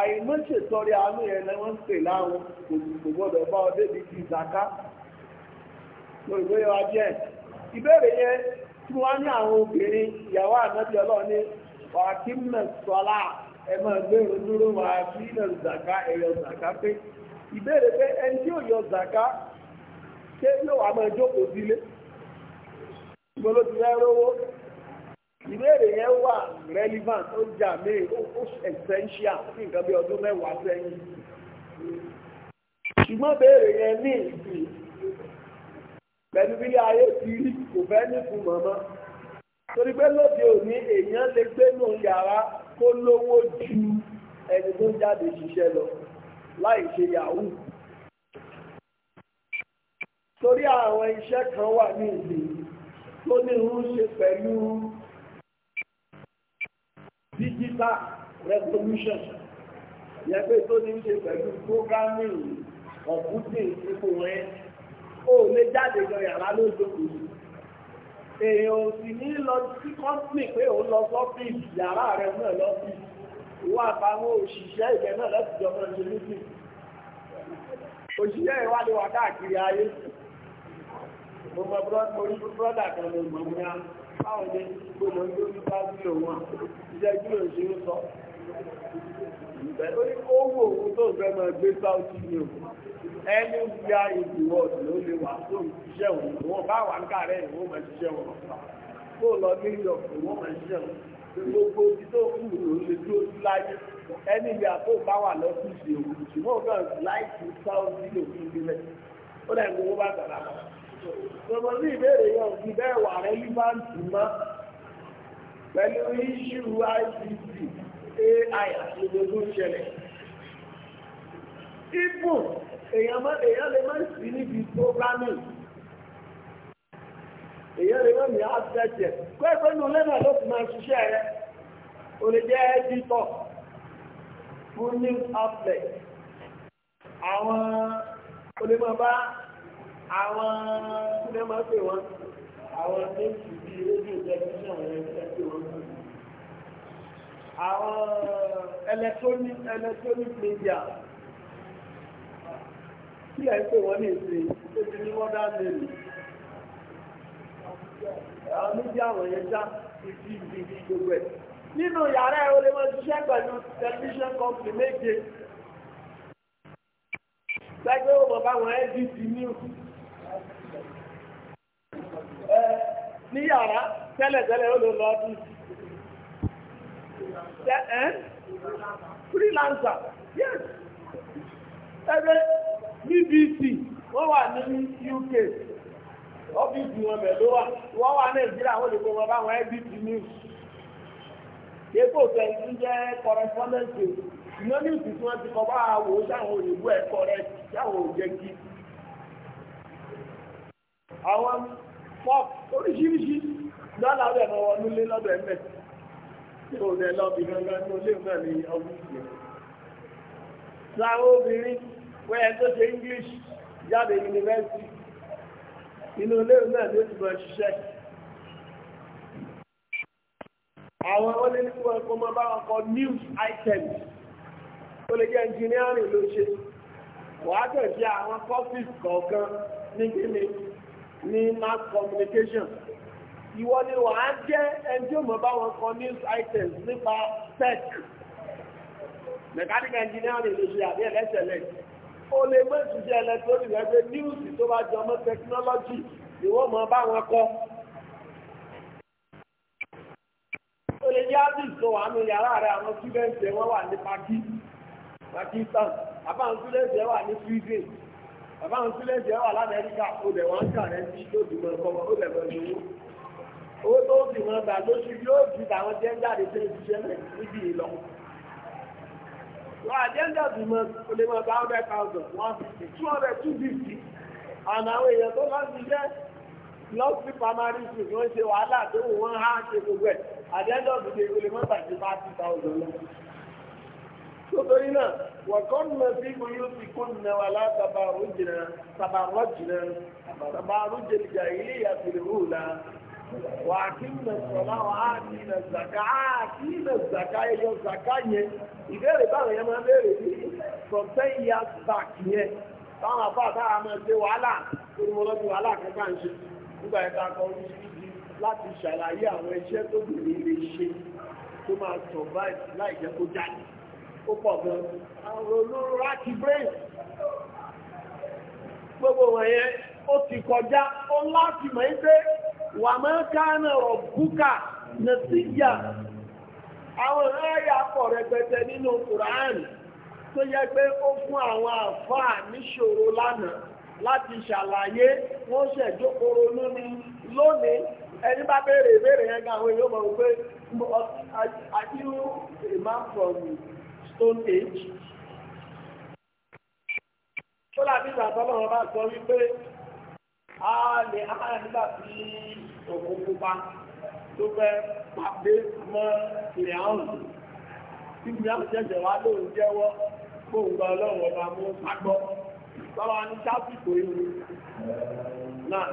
àìmọ́ṣètọrẹ àánú yẹn lẹ́wọ́n ń pè láwọn kò gbọ́dọ̀ bá ọ débi ti ìsàká lórí yọ ìbéèrè yẹn tí wọ́n ní àwọn obìnrin ìyàwó ànábì ọlọ́run ní wàkí mẹ́sọ́lá ẹ máa gbèrò dúró wàkí náà zàká ẹ̀yọ zàká pé ìbéèrè pé ẹni tí yọ ṣé yóò wà máa jókòó sílé ìgbọ́lódì rẹ̀ rówó ìbéèrè yẹn wà relevant ó jà mí ó essential ní nǹkan bí ọdún mẹ́wàá sẹ́yìn ṣùgbọ́n béèrè yẹn ní ìsìn pẹ̀lú bí ayé ti rí kò fẹ́ ní fún mọ́mọ́ torí pé lóde òní èèyàn lè gbénú yàrá kó lówó ju ẹni tó jáde ṣiṣẹ́ lọ láì ṣe yahoo torí àwọn iṣẹ́ kan wà ní ìlú tó ní ń ṣe pẹ̀lú digital revolution yẹn pé tó ní ṣe pẹ̀lú programming computing ipò rẹ̀ ó lè jáde gan yàrá lójókòó èèyàn ò sì ní lọ sí company pé òun lọ sọ́fíìsì yàrá rẹ̀ náà lọ́fíìsì ìwà àtàwọn òṣìṣẹ́ ìgbẹ́ náà láti jọ mọ́ ṣe níbi òṣìṣẹ́ ìwádìí wà káàkiri ayé mo mọ brọ́dà kan ló mọ̀ ní àná báwọn ní gbogbo tó ní bá sí òun à iṣẹ́ kí ló ń ṣe ń sọ ó ní ó tó fẹ́ máa gbé sáútì ní o ẹni ya ìdìwọ̀ ló lè wà tó ń ṣiṣẹ́ òun wọn bá wà ń kàrẹ́ ìwọ́n máa ṣiṣẹ́ wọn kó lọ New York ìwọ́n máa ṣiṣẹ́ wọn gbogbo ibi tó kù ló lè dúró sí láyé ẹni ìyá tó bá wà lọ́kùnrin ṣe òun ṣùgbọ́n ó kàn láìsí sáútì lòun ìbílẹ̀ ó dàgbé Sọ̀rọ̀ sí ìbéèrè yẹn ò bẹ́ẹ̀ wà rẹ́lífáǹtì mọ́ pẹ̀lú iṣu ICC AI àti gbogbo ìṣẹ̀lẹ̀. Ibù èèyàn lè má sí níbi programming. Èèyàn lè má ní àtẹ̀jẹ̀. Pẹ́ẹ́pẹ́ nu lẹ́nà ló ti máa ṣiṣẹ́ O lè jẹ́ ẹ́dítọ̀ àwọn kílẹ̀ máa pè wọ́n àwọn méjì bíi rédíò tẹlifíṣàn rẹ̀ pè wọ́n electronic electronic media kílẹ̀ pè wọ́n ní èsè tó ti ní mọ́dá lẹ́nu. àwọn media wọ̀nyẹn já ìdí ìdí gbogbo ẹ̀. nínú yàrá ẹ̀ o lè máa ṣiṣẹ́ pẹ̀lú television, company méje. Gbẹ́gbẹ́ wo bàbá wọn ẹ́ dì sí ní yàrá tẹ́lẹ̀tẹ́lẹ̀ ó lè lọ ọdún freelancer yes ẹgbẹ́ BBC wọ́n wà ní UK wọn wà wọ́n wà wọ́n lè kó wọn báwọn yẹ́pọ̀ jẹ́ ìmọ̀ ní ìsìn tí wọ́n ti kọ́ bá wò ó sáwọn òyìnbó ẹ̀kọ́ rẹ̀ sáwọn àwọn pop oríṣiríṣi dọ́là rẹ̀ lọ wọnú lé lọ́dọ̀ ẹ̀mẹ́ tí ò rẹ̀ lọ bí gangan ní olé náà ní ọ́fíìsì rẹ̀. sáwọn obìnrin wẹ́ẹ̀ tó ṣe English jáde yunifásitì inú olé náà ló ti bọ̀ ṣiṣẹ́. àwọn olè ní kí wọ́n kó máa bá wọn kọ news items ó lè jẹ́ engineering ló ṣe wàá tẹ̀ àwọn courses kọ̀ọ̀kan ní kíni ní mass communication ìwọ ni wà á jẹ́ ẹni tí ó mọ̀ kan news items nípa tech mechanical engineering ló ṣe àbí ẹlẹ́sẹ̀lẹ̀ ó lè mọ̀ ìṣiṣẹ́ electronic ẹgbẹ́ news tó bá jọ mọ́ technology ìwọ mọ̀ báwọn kọ́ ó lè jẹ́ artist tó wà nù yàrá rẹ̀ àwọn students ẹ̀ wọ́n wà ní Pakistan àbáwọn students ẹ̀ wà ní Sweden bàbá àwọn sílẹ̀ jẹ́ wà lámẹ́ríkà ó dẹ̀ kàrẹ́ sí lójúmọ́ ọkọ̀ ó dẹ̀ bọ̀ lówó tó ń dìmọ̀ gbà lóṣù yóò ju tàwọn jẹ́ ń jáde tó ń níbi ìlọ. wọ́n àjẹ́ńdà dìmọ̀ ó lè mọ̀ bá hundred thousand one fifty two hundred two fifty àná àwọn èèyàn tó lọ́ọ́ ṣiṣẹ́ lọ́ọ̀sì primary school wọ́n ṣe wàhálà tó wọ́n há ṣe gbogbo ẹ̀ àjẹ́ńdà dìmọ̀ nítorí náà wọ̀kọ́n mọ̀ sí ìbòyó ti kún ní wa látàbàrú jìnnà tàbàrọ̀ jìnnà tàbàrú jìnnà ilé ìyàtìlérú la wà á kí nà sọ̀lá wà á kí nà zàká á kí nà zàká ẹyọ zàká yẹn ìbéèrè báwọn yẹn máa ń béèrè sí from ten years back yẹn táwọn àbá àtàwọn máa ṣe wàhálà tó mo lọ́ọ́ wàhálà kankan ṣe nígbà yẹn ká kọ́ láti ṣàlàyé àwọn iṣẹ́ tó bìnrin lè ṣe tó máa survive láì jẹ́ kó jáde. ó pọ̀ gan àwọn olóró láti brain gbogbo wọ̀nyẹn ó ti kọjá ó láti mọ̀ ń pé wà mọ́ káànà rọ̀ búkà nà sí àwọn ẹ̀yà pọ̀ rẹpẹtẹ nínú kùránì tó yẹ pé ó fún àwọn àfáà níṣòro lánàá láti ṣàlàyé wọ́n lónìí lónìí ẹni bá béèrè ìbéèrè yẹn gan àwọn èèyàn mọ̀ wípé stone age tó láti ìgbà tọ́lọ́run bá sọ wípé a lè háyà nígbà tí òkú pupa tó fẹ́ pàdé mọ́ ìrìn àwọn tí mi á jẹ́jẹ̀ wá lóòrùn jẹ́wọ́ gbóǹgbà ọlọ́run ọba mú sagbọ́ báwa ní sáfìkò ìlú náà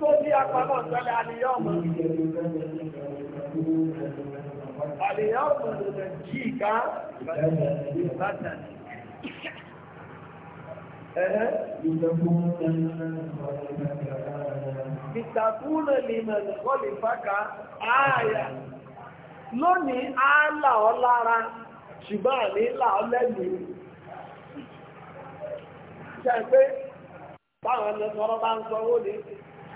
tó ní apamọ́ ìtọ́lẹ̀ àlèyàn ọmọ. Àlèyàn ọmọ ìrìnlẹ̀ jí ìká ìbátà. Ìtàkùnà lè mẹ̀lẹ̀ kọ́lì fáka ààyà. Lónìí á là ọ́ lára, ṣùgbọ́n àní là ọ́ lẹ́mìí. Ṣé pé báwọn ẹ̀lẹ́sọ̀rọ̀ bá ń sọ ó ní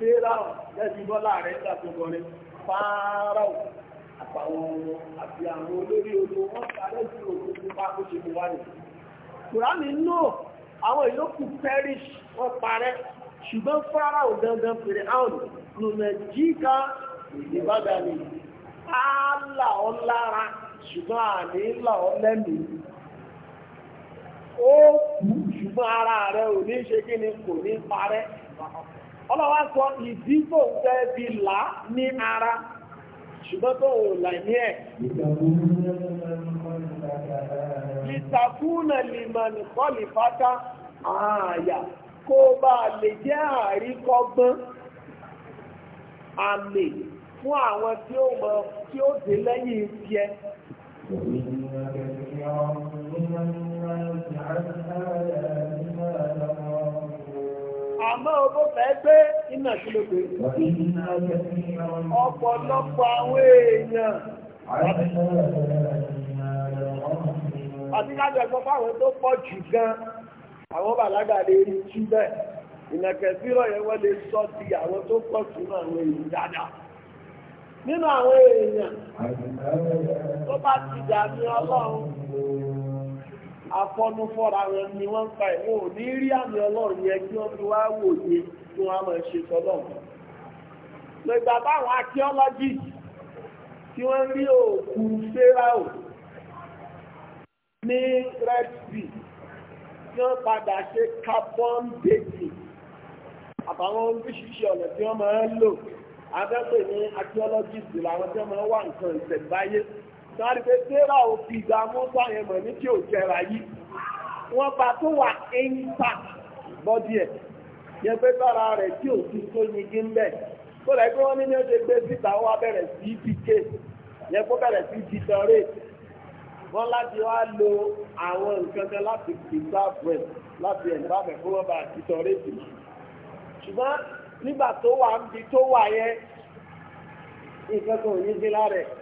fẹ́ràn lẹ́sí bọ́lá rẹ̀ nígbà tó gọrin fáárà àtàwọn ọmọ àti àwọn olórí odò wọn sáré sí òkun nípa bó ṣe mú wá nì. kùránì nù àwọn ìyókù perish wọn parẹ́ ṣùgbọ́n fáárà ò dandan fèrè àwọn lùmẹ̀ jíkà ìbádà ni á là ọ́ lára ṣùgbọ́n àní là ọ́ lẹ́nu ó kú ṣùgbọ́n ara rẹ̀ ò ní ṣe kí ni kò ní parẹ́ ọlọ́wà sọ ìdí tó fẹ́ bí là ní ara ṣùgbọ́n tó wò là ní ẹ̀ ìtàkùnà lìmọ̀nì kọlì fátá ààyà kó bá lè jẹ́ àríkọgbọ́n àmì fún àwọn tí ó mọ̀ tí ó dé lẹ́yìn ìfẹ́ àmọ́ ọgbọ́ ebe iná sí ọpọlọpọ àwọn èèyàn àti lájọ̀gbọ́ fáwọn tó pọ̀ jù gan àwọn bàlágà lè rí jù bẹ́ẹ̀ ìnàkẹ̀ yẹn wọ́n lè sọ ti àwọn tó pọ̀ jù nínú àwọn èèyàn tó bá ti ọlọ́run afọ́nufọ́ra wọn ni wọ́n ń pa ẹ̀ wọn ò ní rí àmì ọlọ́run yẹn kí wọ́n fi wá wòye kí wọ́n máa ṣe sọ́lọ́run. lọ́gbà báwọn archaeology tí wọ́n rí òkú Fáráò ní Red Sea tí wọ́n padà ṣe carbon dating àbáwọn oríṣiríṣi ọ̀nà tí wọ́n máa ń lò abẹ́pẹ̀ ní archaeologist làwọn tí wọ́n máa ń wá nǹkan ìṣẹ̀ǹbáyé sáré pé tẹ́rà ò fi ìdààmú sáyẹn mọ̀ ní tí ò jẹra yìí wọ́n bá tó wà intact bọ́dí ẹ̀ yẹ pé bára rẹ̀ tí ò ti tó yigi ń bẹ̀ tó rẹ̀ pé wọ́n ní ní ó ṣe gbé síta wá bẹ̀rẹ̀ sí dk yẹ kó bẹ̀rẹ̀ sí dìtọ̀rẹ́ wọ́n láti wá lo àwọn nǹkan kan láti preserve rẹ̀ láti ẹ̀ lábẹ̀ fún wọn bá nígbà tó wà ń bi tó wà yẹn nǹkan kan ò ní sí lára ẹ̀.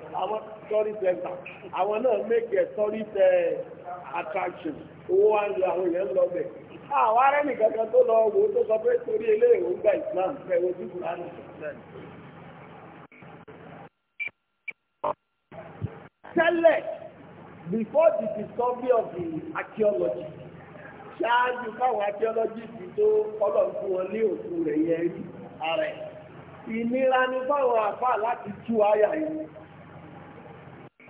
àwọn tourist center àwọn náà make a tourist eh, attraction owó wa ń lo àwọn èèyàn lọ bẹ̀. àwọn ará nìkan kan tó lọ wò ó tó sọ pé torí eléyìí ó gba Islam fẹ́ wo sí Kùránì. tẹ́lẹ̀ before the discovery of the archaeology ṣáájú káwọn archaeologist tó kọ́lọ̀ fún wọn ní òkú rẹ̀ yẹn rí ààrẹ ìnira ni fáwọn àfà láti tú àyà yìí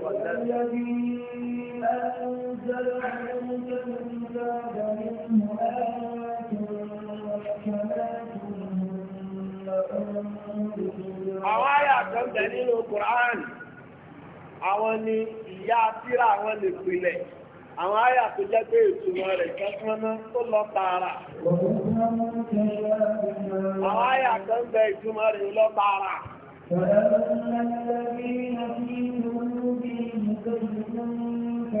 والذي أنزل عليك الكتاب منه آيات محكمات Àwọn àyà kan bẹ̀ nínú Kùránì, àwọn ni ìyá tíra àwọn lè pìlẹ̀, àwọn àyà tó jẹ́ pé ìtumọ̀ rẹ̀ kẹ́kọ́nà tó lọ tààrà. Àwọn àyà kan bẹ̀ ìtumọ̀ rẹ̀ lọ tààrà. فأما الذين في قلوبهم زيغ فيتبعون ما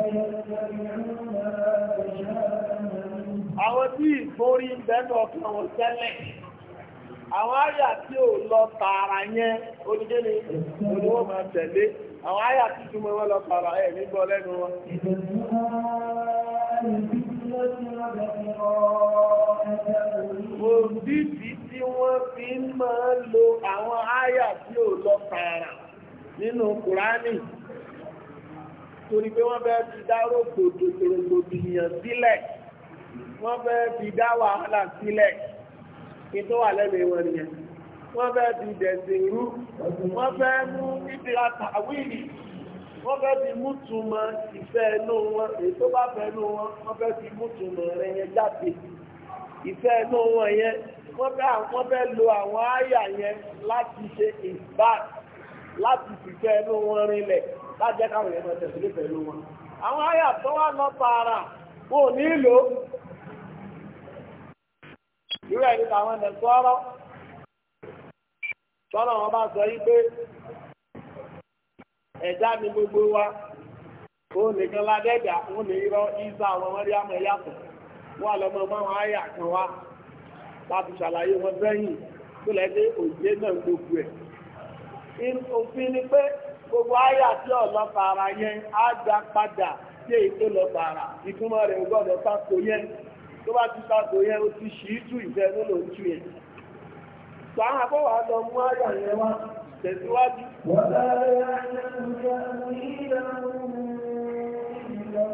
تشابه منه àwọn tí ìgbórí ìbẹ́nu ọ̀kan wọn tẹ́lẹ̀ àwọn àyà tí ò lọ tààrà yẹn onídélé olówó máa tẹ̀lé àwọn àyà tí túnmọ̀ wọn lọ tààrà ẹ̀ nígbọ́ lẹ́nu wọn. ìgbẹ̀rún mòdìdì tí wọ́n fi máa ń lo àwọn áyà tí ò lọ tààrà nínú kùránì torí pé wọ́n fẹ́ fi dárò gbòdògbòdìyàn sílẹ̀ wọ́n fẹ́ fi dá wàhálà sílẹ̀ kí tó wà lẹ́nu ìwọ̀n nìyẹn wọ́n fẹ́ fi dẹ̀sẹ̀ rú wọ́n fẹ́ mú ìdíra tàwíìlì wọ́n fẹ́ fi mú ìfẹ́ ẹnu wọn èyí tó bá fẹ́ ẹnu wọn wọ́n fẹ́ fi mú rẹ̀ yẹn jáde ìfẹ́ inú wọn yẹn wọ́n bẹ́ lo àwọn àyà yẹn láti ṣe ìbáàd láti fìfẹ́ inú wọn rinlẹ̀ lájẹ́ káwọn yẹn máa tẹ̀sílẹ̀ pẹ̀lú wọn. àwọn àyà tó wà lọ tààrà kò ní lò ó. ìrú ẹ̀ sọ́rọ́ wọn bá sọ yí pé ẹ̀dá ni gbogbo wa òun nìkan ládẹ́gbà òun àwọn wà lọ́mọ máwọn àyà kan wá láti ṣàlàyé wọn sẹ́yìn tó lẹ́dẹ́ òjé náà gbogbo ẹ̀. òfin ni pé gbogbo àyà tí ọlọ́pàá ara yẹn á gba padà sí èyí tó lọ bàrà ìtumọ̀ rẹ̀ gbọ́dọ̀ tako yẹn tó bá ti tako yẹn ó ti ṣì í tú ìfẹ́ ló lò ń tú yẹn. sàá àbọ̀wá lọ mú àyà yẹn wá tẹ̀síwájú. wọ́n bá rẹ̀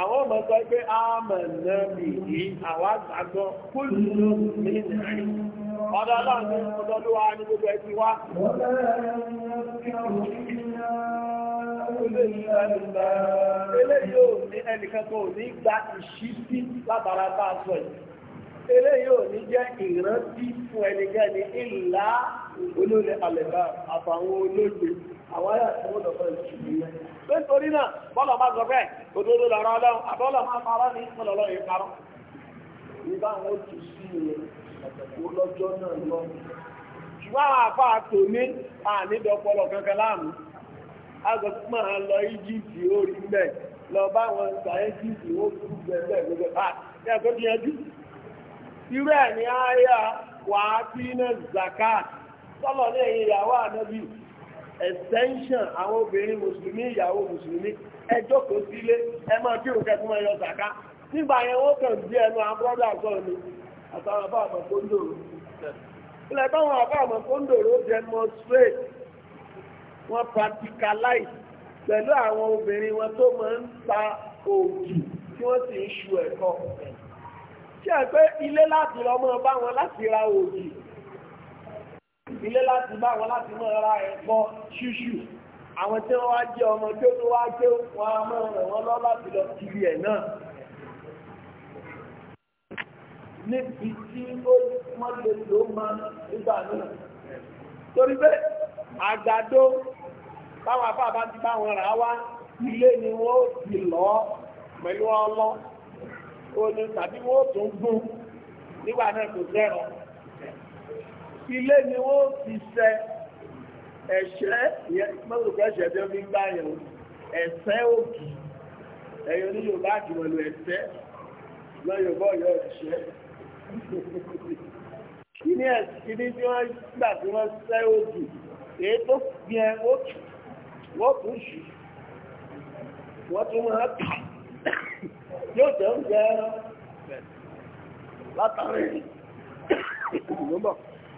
àwọn ọmọ sọ pé àmọ̀ náà bì í àwọn àgbàgbọ́ kúlù mí nàárín ọ̀dọ̀ ọlọ́run ọ̀dọ̀ ló wá ní gbogbo ẹ̀sìn wá. Eléyìí ò ní ẹnìkan tó ní gba ìṣítí látara bá a sọ yìí. Eléyìí ò ní jẹ́ ìrántí fún ẹnikẹ́ni ìlà olóòlẹ̀ àlẹ̀bá àtàwọn olóògbé àwọn ayà tí wọ́n lọ́pọ̀ ìṣùgbìyàn. Nítorí náà, bọ́lọ̀ máa sọ bẹ́ẹ̀, òdodo lọ́rọ̀ ọlọ́run, àbọ́lọ̀ máa parọ́ ní ìpínlọ̀lọ́ yìí parọ́. Ìbá wọn tù sí ilẹ̀ olọ́jọ́ náà lọ. Ṣùgbọ́n àwọn àfá àtò ní ànídọ́pọlọ A sọ pé máa lọ Íjíìtì ó rí mbẹ̀, lọ bá wọn gba Íjíìtì ó kú bẹ̀rẹ̀ gbogbo. Ẹ̀kọ́ ti yanjú. Irú ẹ̀ ni áyà wàá tí náà zakat. Sọ́lọ̀ ní ẹ̀yìn ìyàwó ànábì extension àwọn obìnrin mùsùlùmí ìyàwó mùsùlùmí ẹ jókòó sílé ẹ máa kírun kẹtùmọ̀ ẹyọ sàká nígbà yẹn wọ́n kàn dí ẹnu àwọn brọ́dà kan ni àtàwọn àbá àmọ́ kóńdòrò ilẹ̀ táwọn àbá àmọ́ kóńdòrò demonstrate wọ́n practicalize pẹ̀lú àwọn obìnrin wọn tó máa ń ta òògì tí wọ́n sì ń ṣu ẹ̀kọ́ ṣe é pé ilé láti lọ́mọ bá wọn láti ra òògì ilé láti bá wọn láti mọ́ ra ẹ̀fọ́ ṣíṣù àwọn tí wọ́n wá jẹ́ ọmọ tí ó tó wá jẹ́ wọn a mọ́ rẹ̀ wọ́n lọ láti lọ kiri ẹ̀ náà níbi tí ó wọ́n lè lò máa nígbà náà torí pé àgbàdo táwọn afáàbá ti bá wọn rà wá ilé ni wọ́n ti lọ pẹ̀lú ọlọ́ òní tàbí wọ́n tún gún nígbà náà kò sẹ́rọ̀ ilé ni wọ́n ti ṣẹ ẹ̀ṣẹ́ mọ́tòkọ́ ẹ̀ṣẹ́ tí wọ́n fi gbá yẹn o ẹ̀ṣẹ́ òkì ẹ̀yọ ní Yorùbá àjùmọ̀lù ẹ̀ṣẹ́ lọ Yorùbá ọ̀yọ́ ẹ̀ṣẹ́ kíní ẹ̀ṣẹ́ tí wọ́n gbà tí wọ́n ṣẹ́ òkì èyí tó fi ẹ̀ òkì wọ́n kù jù wọ́n tún máa kà yóò jẹ́ oúnjẹ ẹran látàrí ìgbìmọ̀.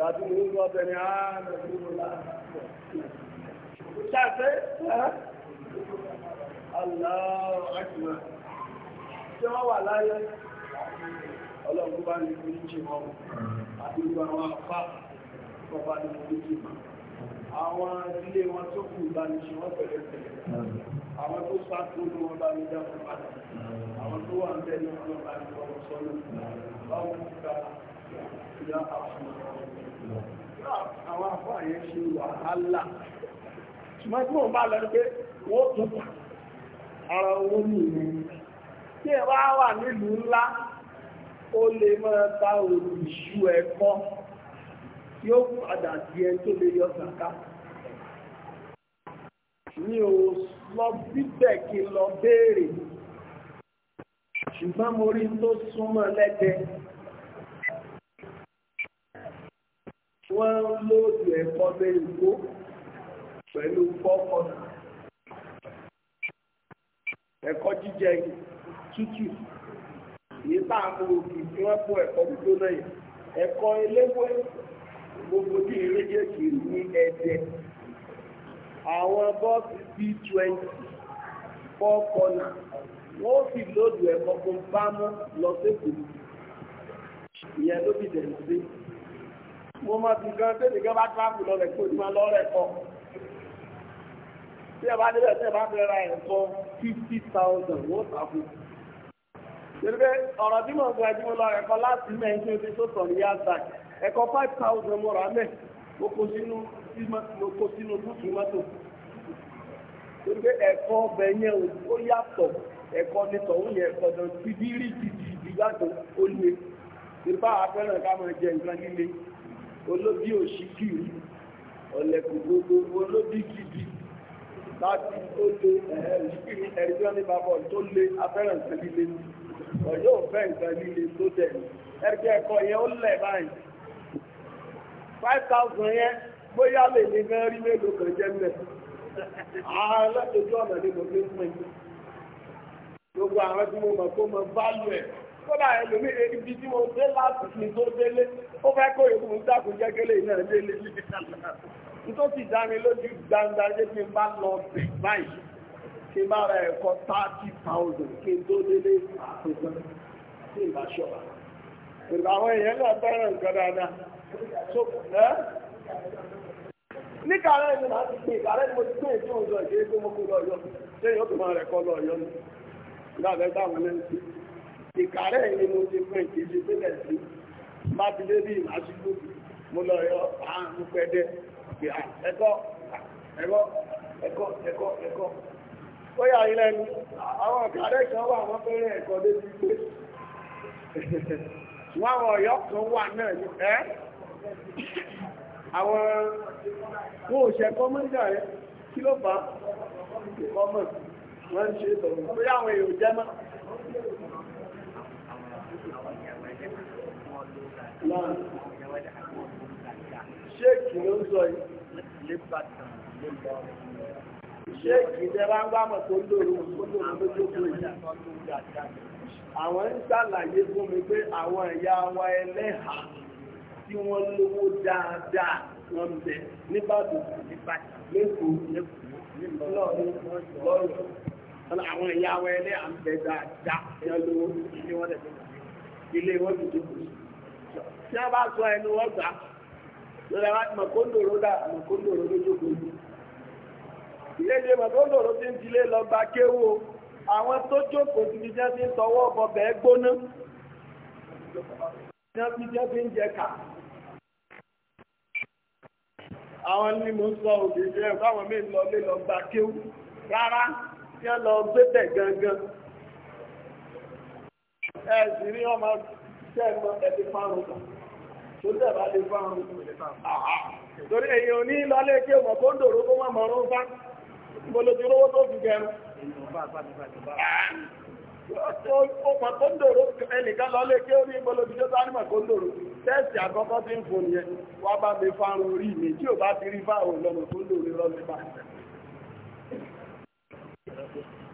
Ìgbàdí mo ń lọ bẹ ní ààrẹ ìlú láàrín. Ṣáṣẹ́ Allahu Akbar. Ṣé wọ́n wà láyé? Ọlọ́run bá ní ìlú jì wọn. Àbí ìlú àwọn àpá ọba ní ìlú jì wọn. Àwọn ilé wọn tó kù bá ní ṣe wọ́n pẹ̀lẹ́ pẹ̀lẹ́. Àwọn tó sá kú ní wọn bá ní dákun padà. Àwọn tó wà ń bẹ́ẹ̀ ní wọn bá ní ọmọ sọ́nà. Báwo ni ká àwọn àfọ́ àyẹ́ ṣe wàhálà ṣùgbọ́n tí wọ́n bá lọ pé wọ́n tún pa ara owó ní ìlú tí ẹ wá wà nílùú ńlá ó lè máa ta òṣù ẹ̀kọ́ tí ó kú àdàdì ẹ tó lè yọ sàká mi ò lọ bíbẹ̀ kí lọ béèrè ṣùgbọ́n mo rí tó súnmọ́ lẹ́gbẹ̀ẹ́ wọ́n ń lóòdù ẹ̀kọ́ lẹ́yìn kó pẹ̀lú fọ́kọ̀ ẹ̀kọ́ jíjẹ tútù èyí tá a mú òkè tí wọ́n kó ẹ̀kọ́ gbígbóná yìí ẹ̀kọ́ eléwé gbogbo ní ìrẹ́jẹ̀kì ní ẹ̀jẹ̀ àwọn bọ́ọ̀sì b twenty four corner wọ́n fi lóòdù ẹ̀kọ́ tó bámú lọ sí ìpínlẹ̀ ìyẹn ló fi dẹ̀ sí mo mọ ti gan tẹ́lẹ̀ gan bá tíráàbù lọ rẹ̀ kó ní máa lọ rẹ̀ kọ́ tí ẹ bá débẹ̀ tí ẹ bá fẹ́ ra ẹ̀kọ́ fifty thousand wọ́n tàbí. Ṣèlúbẹ́ ọ̀rọ̀ tí mo sọ ẹ̀jú mo lọ ẹ̀kọ́ láti mẹ́ ní oṣù tó sọ ní Yazdak ẹ̀kọ́ five thousand mo rà mẹ́ mo kó sínú mo kó sínú búùtù mọ́tò. Ṣèlúbẹ́ ẹ̀kọ́ ọbẹ̀ yẹn ó yàtọ̀ ẹ̀kọ́ nítọ̀ ó yẹ ẹ̀kọ́ dán ti dírí ti di ìdígbàgbọ́ ó ká máa jẹ nǹkan líle olóbí òṣìkìrì ọ̀lẹ̀kùn gbogbo olóbí gidi láti ó lé òṣìkìrì ẹ̀rí tí wọ́n ní bàbá tó lé afẹ́ràn sí líle ọ̀yọ́ òfẹ́ ìgbà líle tó dẹ̀ ẹgbẹ́ ẹ̀kọ́ yẹn ó lẹ̀ báyìí five thousand yẹn bóyá lè ní mẹ́rin rí mélòó kan jẹ́ mẹ́ ààrẹ lọ́dọ̀ọ́jọ́ ọ̀nà ni mo gbé fún ẹ gbogbo àwọn tí mo mọ̀ kó mọ bá lù kódà ẹlòmí ibi tí mo dé láti ní tó délé ó fẹ́ kó ìlú ń dákun jẹ́gẹ́lé iná délé tó ti dá mi lójú gbangba jẹ́ kí n bá lọ bẹ̀ báyìí kí n bá ra ẹ̀kọ́ thirty thousand kí n tó délé àtúntàn sí ìbáṣọ́ra. Ìgbà àwọn èèyàn náà fẹ́ràn nǹkan dáadáa. Ní kàrẹ́ ìlú láti pè kàrẹ́ ìlú ti pè tí òun sọ ìdílé tó mọ́kú lọ́yọ́. Ṣé yóò tó máa rẹ̀kọ́ lọ́yọ́ ni? Ìgbà àbẹ́gbà wọn ìkàrẹ́ ni mo ti fún ìkejì sílẹ̀ sí má ti bí mo lọ yọ àrùn pẹ́dẹ́ ẹ̀kọ́ ẹ̀kọ́ ẹ̀kọ́ ẹ̀kọ́ ẹ̀kọ́ ó yà ilẹ̀ ni àwọn ìkàrẹ́ kan wà wọ́n [LAUGHS] àwọn ọ̀yọ́ kan àwọn ò mọ́jà kí ló wọ́n ń ṣe ṣéèkì ló ń sọ yìí ṣéèkì ìjẹba ń gbá mọ̀ tó lóru tó lóru lójókòó yìí àwọn ń ṣàlàyé fún mi pé àwọn ẹ̀yà wa ẹlẹ́hà tí wọ́n lówó dáadáa wọ́n ń bẹ nígbàdùn lẹ́kọ̀ọ́ lọ́rùn lọ́rùn àwọn ẹ̀yà wa ẹlẹ́hà ń bẹ dáadáa ní ọlọ́wọ́ ní wọ́n dẹ̀ ilé wọn ti dùn kùsù tí a bá sọ ẹnu wọn gbà lórí àwọn àti mọ̀kóńdòrò dà mọ̀kóńdòrò ló jókòó yìí ilé ìdè mọ̀kóńdòrò ti ń dilé lọ gba kéwò àwọn tó jókòó ti fi jẹ́ fi ń tọwọ́ bọ̀bẹ̀ gbóná jẹ́ fi jẹ́ fi ń jẹ kà àwọn ní mo sọ òdìdí ẹ̀ báwọn mí lọ lé lọ gba kéwò rárá tí wọ́n lọ gbé bẹ̀ gangan. ẹ̀sì rí ọmọ tẹ́gbọ́n ẹ̀sì fárún kan tó tẹ̀bá lè fárún èyí ní kí kó ń dòrò kó máa mọ̀rún bá tó fi gẹrun àkọ́kọ́ tí ń wá bá mi fárún mi tí ò bá ti rí fáwọn tó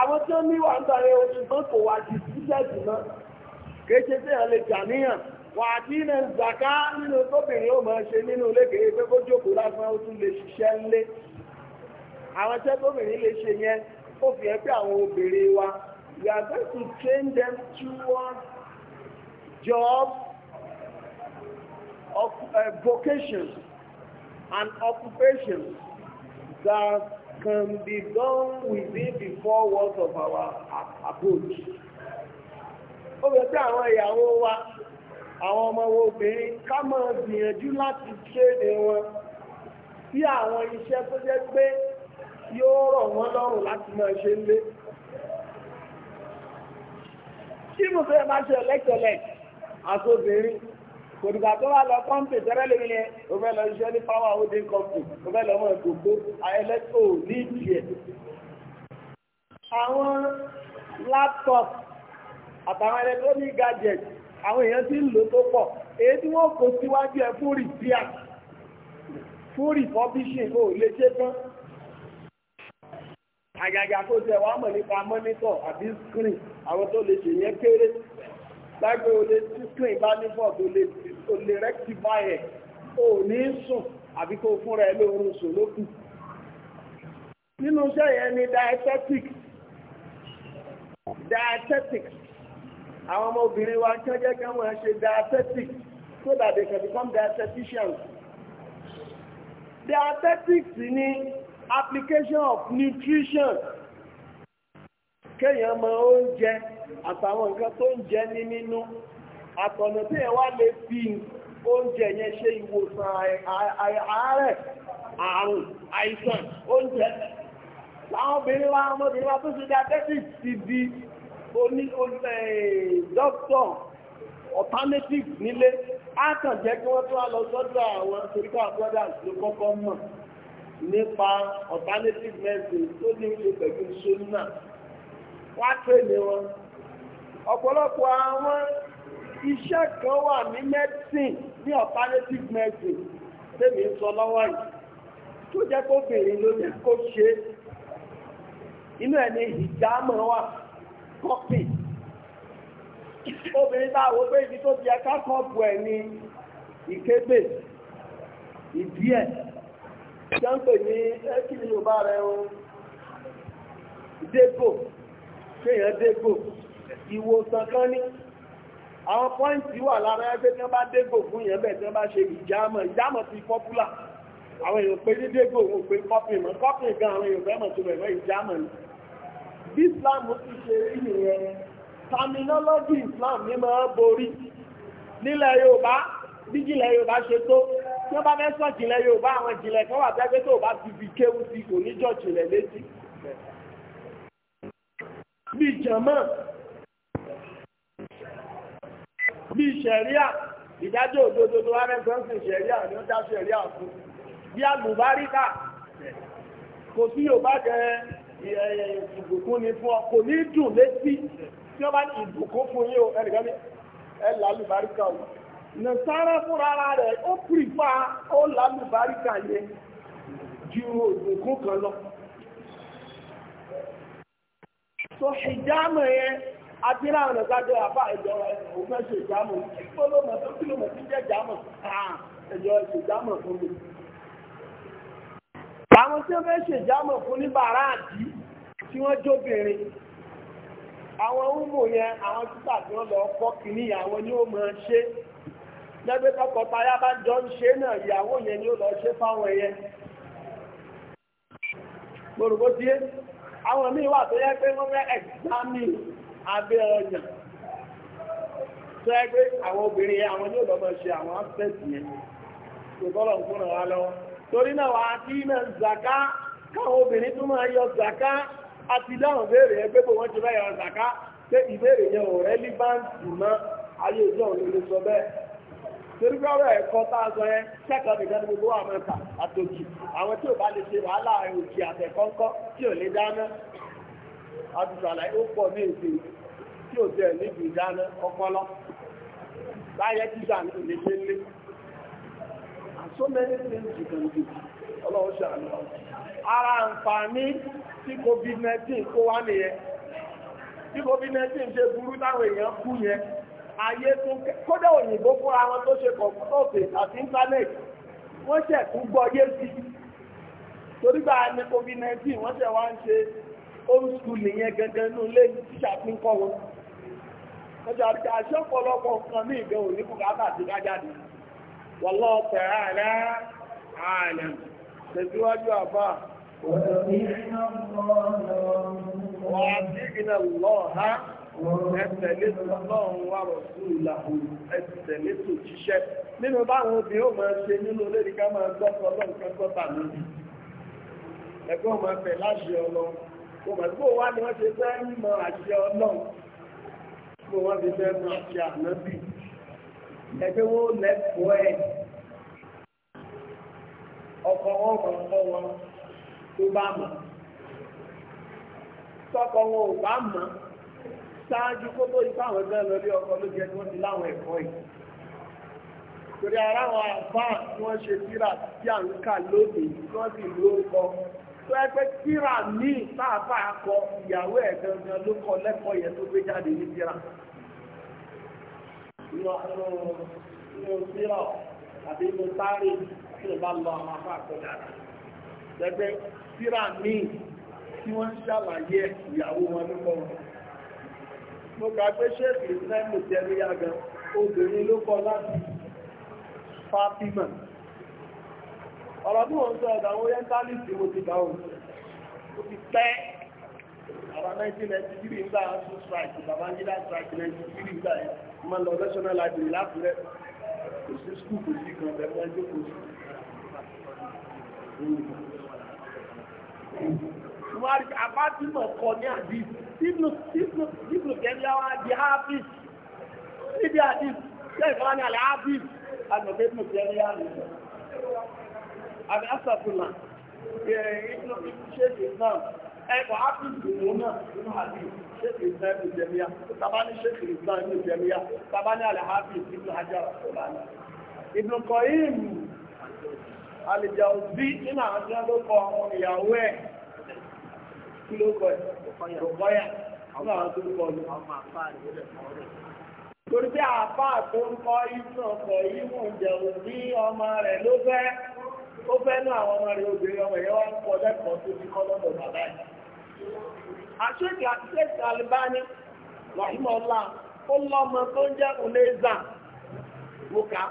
àwọn tí ó ní wà ń bẹ̀rẹ̀ oṣù tó kò wà jù síṣẹ́ jù náà kéṣe tí ẹ̀ lè jà níyàn wà tí ní zàká nínú tóbìnrin ó máa ṣe nínú ilé kéré pé kó jókòó lásán ó tún lè ṣiṣẹ́ ńlé àwọn iṣẹ́ tóbìnrin lè ṣe yẹn ó fi hàn pé àwọn obìnrin wa we are going to train them towards job of uh, eh, vocation and occupation that can be done within the four walls of our abode. Ó bẹ̀ tí àwọn ìyàwó wa, àwọn ọmọ obìnrin ká máa gbìyànjú láti kéde wọn sí àwọn iṣẹ́ tó jẹ́ pé yóò rọ̀ wọ́n lọ́rùn láti máa ṣe lé. Kí mo fẹ́ máa ṣe ẹlẹ́kẹ̀lẹ̀ àtobìnrin? kò dìgbà tó wà lọ kọ́ńpì tẹ́rẹ́ lè yẹn o fẹ́ lọ iṣẹ́ ní power holding company o fẹ́ lọ mọ ìkókó ayẹlẹ́tò ní ìdíyẹ. àwọn laptop àtàwọn electronic gadget àwọn èèyàn ti ń lò tó pọ̀ èyí tí wọ́n kó síwájú ẹ̀ fún rìpíà fún rìpọ́bíṣìn ò lè ṣe tán àgàgà kó tẹ wàá mọ̀ nípa mọ́nítọ̀ àbí screen àwọn tó lè ṣèyẹn kéré lágbé olè tí screen bá ní fọ́ tó lè rectify ẹ̀ o ní sùn àbí kó fún rẹ lóorun sùn lókù nínú iṣẹ́ yẹn ni dietetics dietetics àwọn ọmọ obìnrin wa kí wọ́n jẹ́ kí wọ́n ṣe dietetics so that they can become dietitians dietetics ni application of nutrition kéèyàn mọ oúnjẹ àtàwọn nǹkan tó ń jẹ ní nínú àtọ̀nà tí ẹ wá lè fi oúnjẹ yẹn ṣe ìwòsàn àárẹ̀ àrùn àìsàn oúnjẹ láwọn obìnrin wa ọmọbìnrin wa tó ṣe diabetic ti di oní dókítọ̀ alternative nílé á kàn jẹ́ kí wọ́n tó wá lọ sọ́dọ̀ àwọn torípà brothers ló kọ́kọ́ mọ̀ nípa alternative medicine tó ní ṣe pẹ̀lú sunna wá tẹ̀lé wọn ọ̀pọ̀lọpọ̀ àwọn iṣẹ́ kan wà ní medicine ní alternative medicine tèmi ń sọ lọ́wọ́ yìí tó jẹ́ kó bèèrè ló yẹ kó ṣe inú ẹ̀ ní ìjámọ̀ wà kọ́pì obìnrin náà wo pé ibi tó ti ẹ̀ká kọ́pù ẹ̀ ní ìkébè ìdí ẹ̀ jẹ́ ń pè ní ẹ́kìlì yorùbá rẹ̀ o dégò kéèyàn dégò ìwòsàn kan ní àwọn pọ́ìntì wà lára ẹgbẹ́ tí wọ́n bá dégò fún yẹn bẹ́ẹ̀ tí wọ́n bá ṣe ìjámọ̀ ìjámọ̀ ti pọ́pùlà àwọn èèyàn pé ní dégò òun pé kọ́pìn mọ́ kọ́pìn gan àwọn èèyàn fẹ́ mọ̀ tó bẹ̀rẹ̀ ìjámọ̀ ni bí Islam ti ṣe rí nìyẹn terminology Islam ní máa borí nílẹ̀ Yorùbá bí jìnlẹ̀ Yorùbá ṣe tó tí wọ́n bá fẹ́ sọ jìnlẹ̀ Yorùbá àwọn jìnlẹ̀ kan wà tẹ́gbẹ́ tó bá ti fi kéwu ti kò ní jọ létí bí jàmáà bí ṣẹ̀ríà ìdájọ́ òdodo tó wá rẹ́gbẹ́sì ṣẹ̀ríà ni ó dá ṣẹ̀ríà fún bí àgùnbáríkà kò sí yóò bá jẹ ìbùkún ni fún ọ kò ní dùn létí tí ó bá ní ìbùkún fún yín o ẹnìkan ní ẹ lálùbáríkà o nàìjíríà fúnra rẹ̀ ó pìfà ó lálùbáríkà yẹn ju ìbùkún kan lọ. so hijama yẹn àti náà ọ̀nà sáájú àbá ẹ̀jọ̀ òfẹ́ ṣe ìjámọ̀ ìgbólómọ̀ tó kílòmọ̀ tí jẹ́ ìjámọ̀ ẹ̀jọ̀ ṣe ìjámọ̀ fún mi. àwọn tí ó fẹ́ ṣe ìjámọ̀ fún ní bàárà àdí tí wọ́n jóbìnrin àwọn ọmọ yẹn àwọn títà tí wọ́n lọ kọ́ kìíní àwọn ni ó máa ṣe lẹ́gbẹ́ tọkọtaya bá jọ ń ṣe náà ìyàwó yẹn ni ó lọ ṣe fáwọn ẹyẹ gbòrògbò díẹ̀ àwọn míì wà tó yẹ pé wọ́n fẹ́ ẹ̀gbá míì abẹ́ ọyàn tó ẹ pé àwọn obìnrin yẹn àwọn yóò lọ́mọ ṣe àwọn aspẹ́tì yẹn kò bọ́lọ̀ fún wa lọ́wọ́ torí náà wà á kí iná zàká káwọn obìnrin tó máa yọ zàká àti dáhùn béèrè ẹgbẹ́ bó wọ́n ti fẹ́ yọ zàká pé ìbéèrè yẹn ò rẹ́ líbáǹtì mọ́ ayé ìjọ òní ló sọ bẹ́ẹ̀ torí pé ọ̀rọ̀ ẹ̀kọ́ tá a sọ yẹn kẹ́kọ̀ọ́ nìkan ní gbogbo àwọn ẹ̀ka àtòkì àwọn tí ò bá lè ṣe wàhálà òkè àtẹ̀kọ́ńkọ́ tí ò lè dáná àtìsàlàyé ó pọ̀ ní èdè tí ò tẹ̀ níbi ìdáná ọpọlọ láyé títà ní ìlẹ́gbẹ́ lé so many things you can do ọlọ́run ṣàánú ara àǹfààní tí covid-19 kó wá nìyẹn tí covid-19 ṣe burú táwọn èèyàn kú yẹn ayé tún kódà òyìnbó fúnra wọn tó ṣe kọ̀ọ̀tọ̀ọ̀tẹ̀ àti íńtánẹ́ẹ̀tì wọ́n ṣẹ̀ tún gbọ́ yé sí torí gbà ní covid-19 wọ́n ṣẹ̀ wá ń ṣe homeschool yẹn gangan nù lé ṣàfihàn wọn ọjọ́ àti àṣẹ ọ̀pọ̀lọpọ̀ nǹkan ní ìgbẹ́ òní kò bá bàtí ká jáde wallahu ta'ala alam tẹ̀síwájú àbá nínú báwọn obìnrin máa ṣe nínú máa lórí láṣẹ ọlọ́run òmàdúgbò wá ni wọ́n ṣe fẹ́ mọ àṣẹ ọlọ́run gbogbo wọn ti fẹ́ mọ àṣẹ ànábì ẹgbẹ́ wo lẹ́kọ̀ọ́ ẹ̀ ọkọ̀ wọn mọ̀ ọkọ̀ wọn tó bá mọ̀ tọkọ wọn ò bá mọ̀ ṣáájú kó tó ipá àwọn ẹgbẹ́ lórí ọkọ̀ ló jẹ́ kí wọ́n ti láwọn ẹ̀kọ́ yìí torí ara àwọn àbá tí wọ́n ṣe síra tí à ń kà lónìí tí wọ́n sì lórúkọ tó ẹgbẹ́ tíra míì sáàbà kọ ìyàwó ẹ̀ gangan ló kọ lẹ́kọ̀ọ́ yẹn tó gbé jáde ní tíra. inú tíra àbí inú sáré tí ló bá lọ àwọn afá àkọjá rẹ̀. ẹgbẹ́ tíra míì tí wọ́n ń ṣàlàyé ìyàwó wọn ló kọ́ wọn. mo kà pé ṣéèkì sẹ́mu tẹ́lẹ̀ yá gan obìnrin ló kọ láti Fátímà ọ̀rọ̀ bí wọ́n sọ ọ̀dọ̀ àwọn orientalist mo ti gbà òun ó ti pẹ́ àwọn 1993 nígbà ọ̀sùn strike Babangida strike 1993 nígbà ẹ̀ máa lọ national library lápúlẹ̀ kò sí skul kò sí kan bẹ̀rẹ̀ ẹjọ́ kò sí. Wọ́n apá tí mo kọ ní àdí bíbélù kẹ́lí àwọn àdí áfíìs níbi àdí ṣé ìfọwọ́ ní àlẹ́ áfíìs àgbẹ̀bẹ̀ bíbélù kẹ́lí àdí. àbí asàfihàn ṣéèkì islam ẹ̀kọ́ àlèjà òbí nínú àwọn ló kọ àwọn ìyàwó ẹ̀ kí ló kọ ẹ̀ àwọn tó kọ torí pé ń ó fẹ́ náà àwọn ọmọ rẹ̀ obìnrin ọmọ ìyẹn wá ń kọ́ tó ti kọ́ lọ́dọ̀ bàbá ẹ̀. àṣekì àti ṣèkì Albani rahimahullah ó lọ́mọ tó ń jẹ́ Uleza wòkà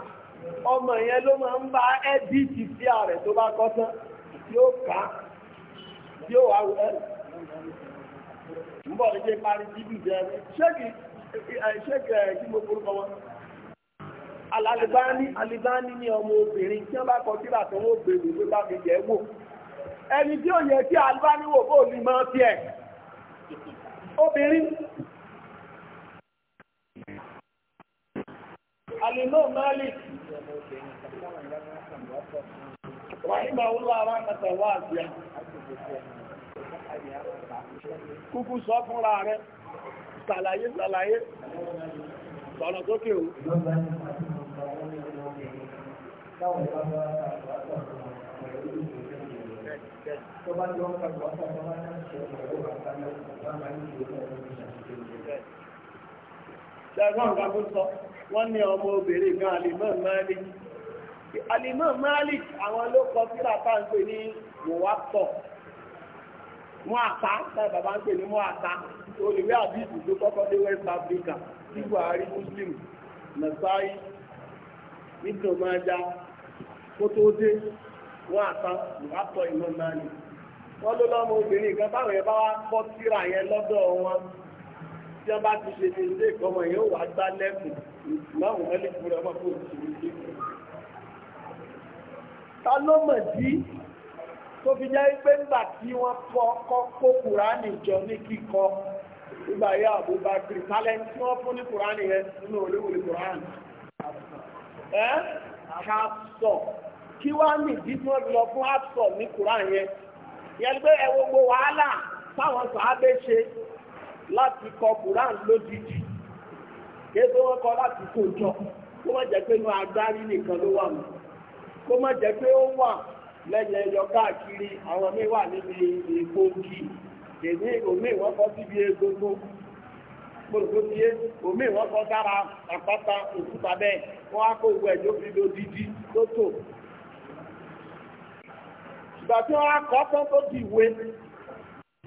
ọmọ yẹn ló máa ń bá ààrẹ tó bá kọ́ tán yóò kà á yóò wá alàlìbáni alìbáni ni ọmọ obìnrin tí wọ́n bá kọ síra tó wọ́n gbèrú pé bá mi yẹ̀ wò ẹni tí ó yẹ kí alìbáni wò bó ní mọ́ tiẹ̀ obìnrin alìmọ́ mọ́lì wàhíma olúwa wa kàtà wá àgbẹ̀ kúkú sọ fúnra rẹ̀ ṣàlàyé ṣàlàyé sọ̀rọ̀ sókè o táwọn ìbá bá ta àgbàtà pẹ̀lú ìgbésẹ̀ ìgbésẹ̀ tó bá jọ ń ka àgbàtà tó bá ń ṣe pẹ̀lú bàtà náà máa ń ṣe pẹ̀lú ìṣàkóso ṣẹ́gbọ́n nǹkan tó sọ wọ́n ní ọmọ obìnrin kan àlìmọ́ máàlì àlìmọ́ máàlì àwọn ló kọ sí bàbá ń pè ní mùwápọ̀ mú àká táì bàbá ń pè ní mú àká olùwé àbíjù tó kọ́kọ́ dé West Africa tí Buhari Muslim Nasai nítorí máa já kó tó dé wọ́n àta ìwátọ̀ ìlú náà ni wọ́n ló lọ́mọ obìnrin kan báwọn yẹn bá wá kọ́ síra yẹn lọ́dọ̀ wọn tí wọ́n bá ti ṣe ní ilé ìkọ́mọ yẹn ó wà gbá lẹ́kùn ìsìláwọ̀n mẹ́lẹ̀ fúnra ọmọ kó ti ṣe ní ilé. ta ló mọ̀ sí tó fi jẹ́ pé nígbà tí wọ́n kọ́ kó kùránì jọ ní kíkọ nígbà yá Abubakar tálẹ́ńtì wọ́n fún ní kùránì yẹn nínú olówó kùránì hapsọ kí wá nìdí tí wọ́n lọ fún hapsọ ní Quran yẹn yẹn pé ẹ gbogbo wàhálà táwọn sàábé ṣe láti kọ Quran lódìdí kéde wọn kọ láti kó jọ kó má jẹ́ pé inú agbárí nìkan ló wà mọ́ kó má jẹ́ pé ó wà lẹ́yìn ẹyọ káàkiri àwọn míì wà níbi ìgbòǹgì èmi òmíì wọ́n kọ́ síbi egungun gbòòrò tí yé omi wọ́n kọ́ sára àpáta òkúta bẹ́ẹ̀ wọ́n á kó ìwé ẹ̀jọ́ fi lo dídí tó tò. ìgbà tí wọ́n á kọ́ tán tó di ìwé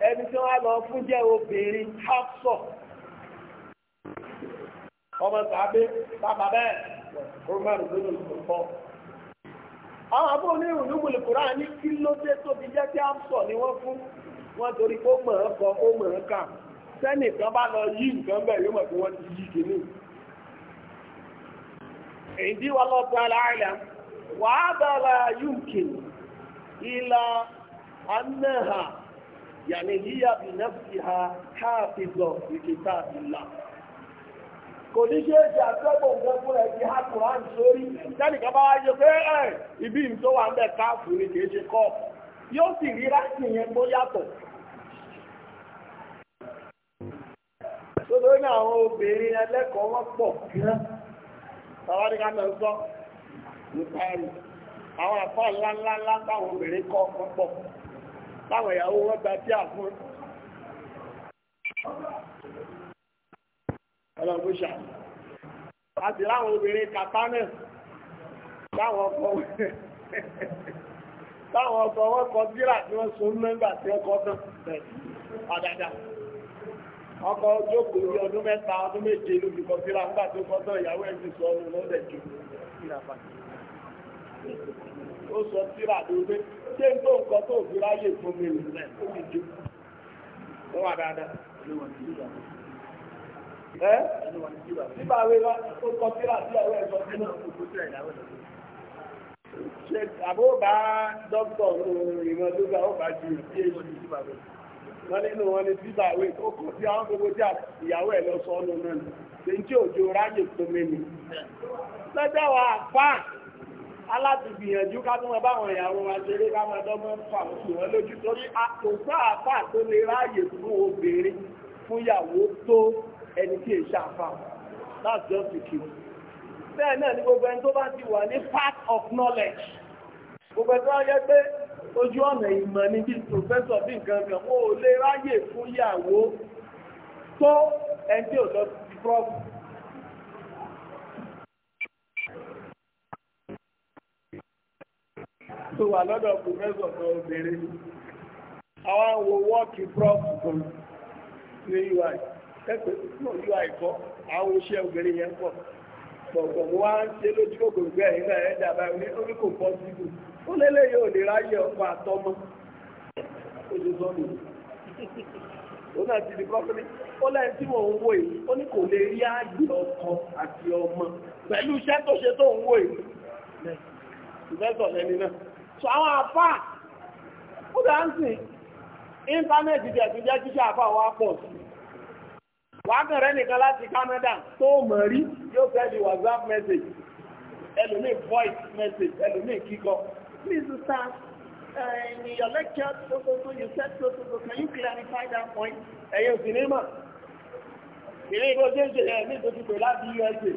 ẹni tí wọ́n á lọ fún jẹ́ obìnrin Hafsa ọmọ sàbẹ bàbá bẹ́ẹ̀ ọmọ ìgbóni olùkọ́. àwọn àbúrò ní ìrùnúgbò lè kúrò ní kí ló dé tóbi jẹ́ kí Hafsa ni wọ́n fún wọ́n torí ó mọ̀ ọ́n kọ ó mọ̀ ọ́n kà. sẹ́nìkan bá lọ yí nǹkan bẹ̀ yóò mọ̀ pé wọ́n ti yí kìíní èyí tí wọ́n lọ bá aláìlá wàá dára yúkì ìlà anáhà yàní yíyà bí nẹ́fì ha kò ní ṣe àtẹ́gbò nǹkan ha sórí bá pé ẹ̀ ibi ń bẹ̀ kìí ṣe kọ́ yóò sì rí tó onye àwọn obìnrin ẹlẹ́kọ̀ọ́ wọ́n pọ̀ gan tàwárí ká mẹ́rin sọ nípa láwọn obìnrin kàtá náà ọkọ̀ [LAUGHS] tí wọ́n mẹ́gbà ọkọ̀ ojókòó ní ọdún mẹ́ta ọdún méje lóbi kan síra nígbà tó kọ́ tán ìyàwó ẹ̀ ti sọ ọ́nù lọ́dẹ̀ jù ó sọ síra ló pé ṣé n tó nǹkan tó fi ráyè fún mi rè rẹ̀ ó ti jó wọ́n wà dáadáa ẹ́ nígbà wí wá ó kọ síra sí ọwọ́ ẹ̀ sọ sínú ṣe àbó bá dókítà ìmọ̀ tó ga ó bá ju ìdí èyí wọ́n nínú wọn ni bíbà wí ó kò sí àwọn gbogbo tí ìyàwó ẹ̀ lọ sọ ọ́nù náà ni ṣe òjò ráyè tó mẹ́ni. lọ́jọ́ wa fà aláti gbìyànjú ká tún wọn báwọn ìyàwó wa ṣeré ká máa dọ́gbọ́n fà ó sì lójú torí kò sọ àfà tó lè ráyè fún obìnrin fún ìyàwó tó ẹni tí èṣà fà that's just the key. bẹ́ẹ̀ náà ni gbogbo ẹni tó bá ti wà ní part of knowledge gbogbo ẹni tó wá yẹ pé ojú ọ̀nà ìmọ̀ ní bí pòfẹ́sọ̀ bí nǹkan kan ó lè ráyè fún ìyàwó tó ẹni ò lọ sí prọ́fù tó wà lọ́dọ̀ pòfẹ́sọ̀ kan obìnrin àwọn wo wọ́ọ̀kì prọ́fù kan ní ui ẹgbẹ́ náà ui kọ́ àwọn oṣẹ́ obìnrin yẹn pọ̀ pọ̀pọ̀ wọ́n á ṣe lójú kòkòrò bẹ́ẹ̀ nígbà ẹ̀dà báyìí orí kò pọ́ ó lélẹ̀ yóò lè ráyè ọkọ àtọmọ olùsọ́nù ó náà ti di kọ́kọ́rí ó lẹ́yìn tí mò ń wò yìí ó ní kò lè rí ààyè ọkọ àti ọmọ pẹ̀lú iṣẹ́ tó ṣe tó ń wò yìí ìfẹ́sọ̀ lẹ́ni náà sọ àwọn àfà ó dá ń sìn íńtánẹ́ẹ̀tì jẹ́ wa pọ̀ sí wàá kàn rẹ́ nìkan láti Canada tó mọ̀ rí yóò fẹ́ di WhatsApp message ẹlòmíì voice message ẹlòmíì Please, sir, uh, in your lecture, so, so, so, you said so, so, so, can you clarify that point? Ẹ̀yẹ òsìnímọ̀. Ìrìn ìbò jẹ́ ìṣẹ̀lẹ̀ ẹ̀mí ìdójútó láti USA.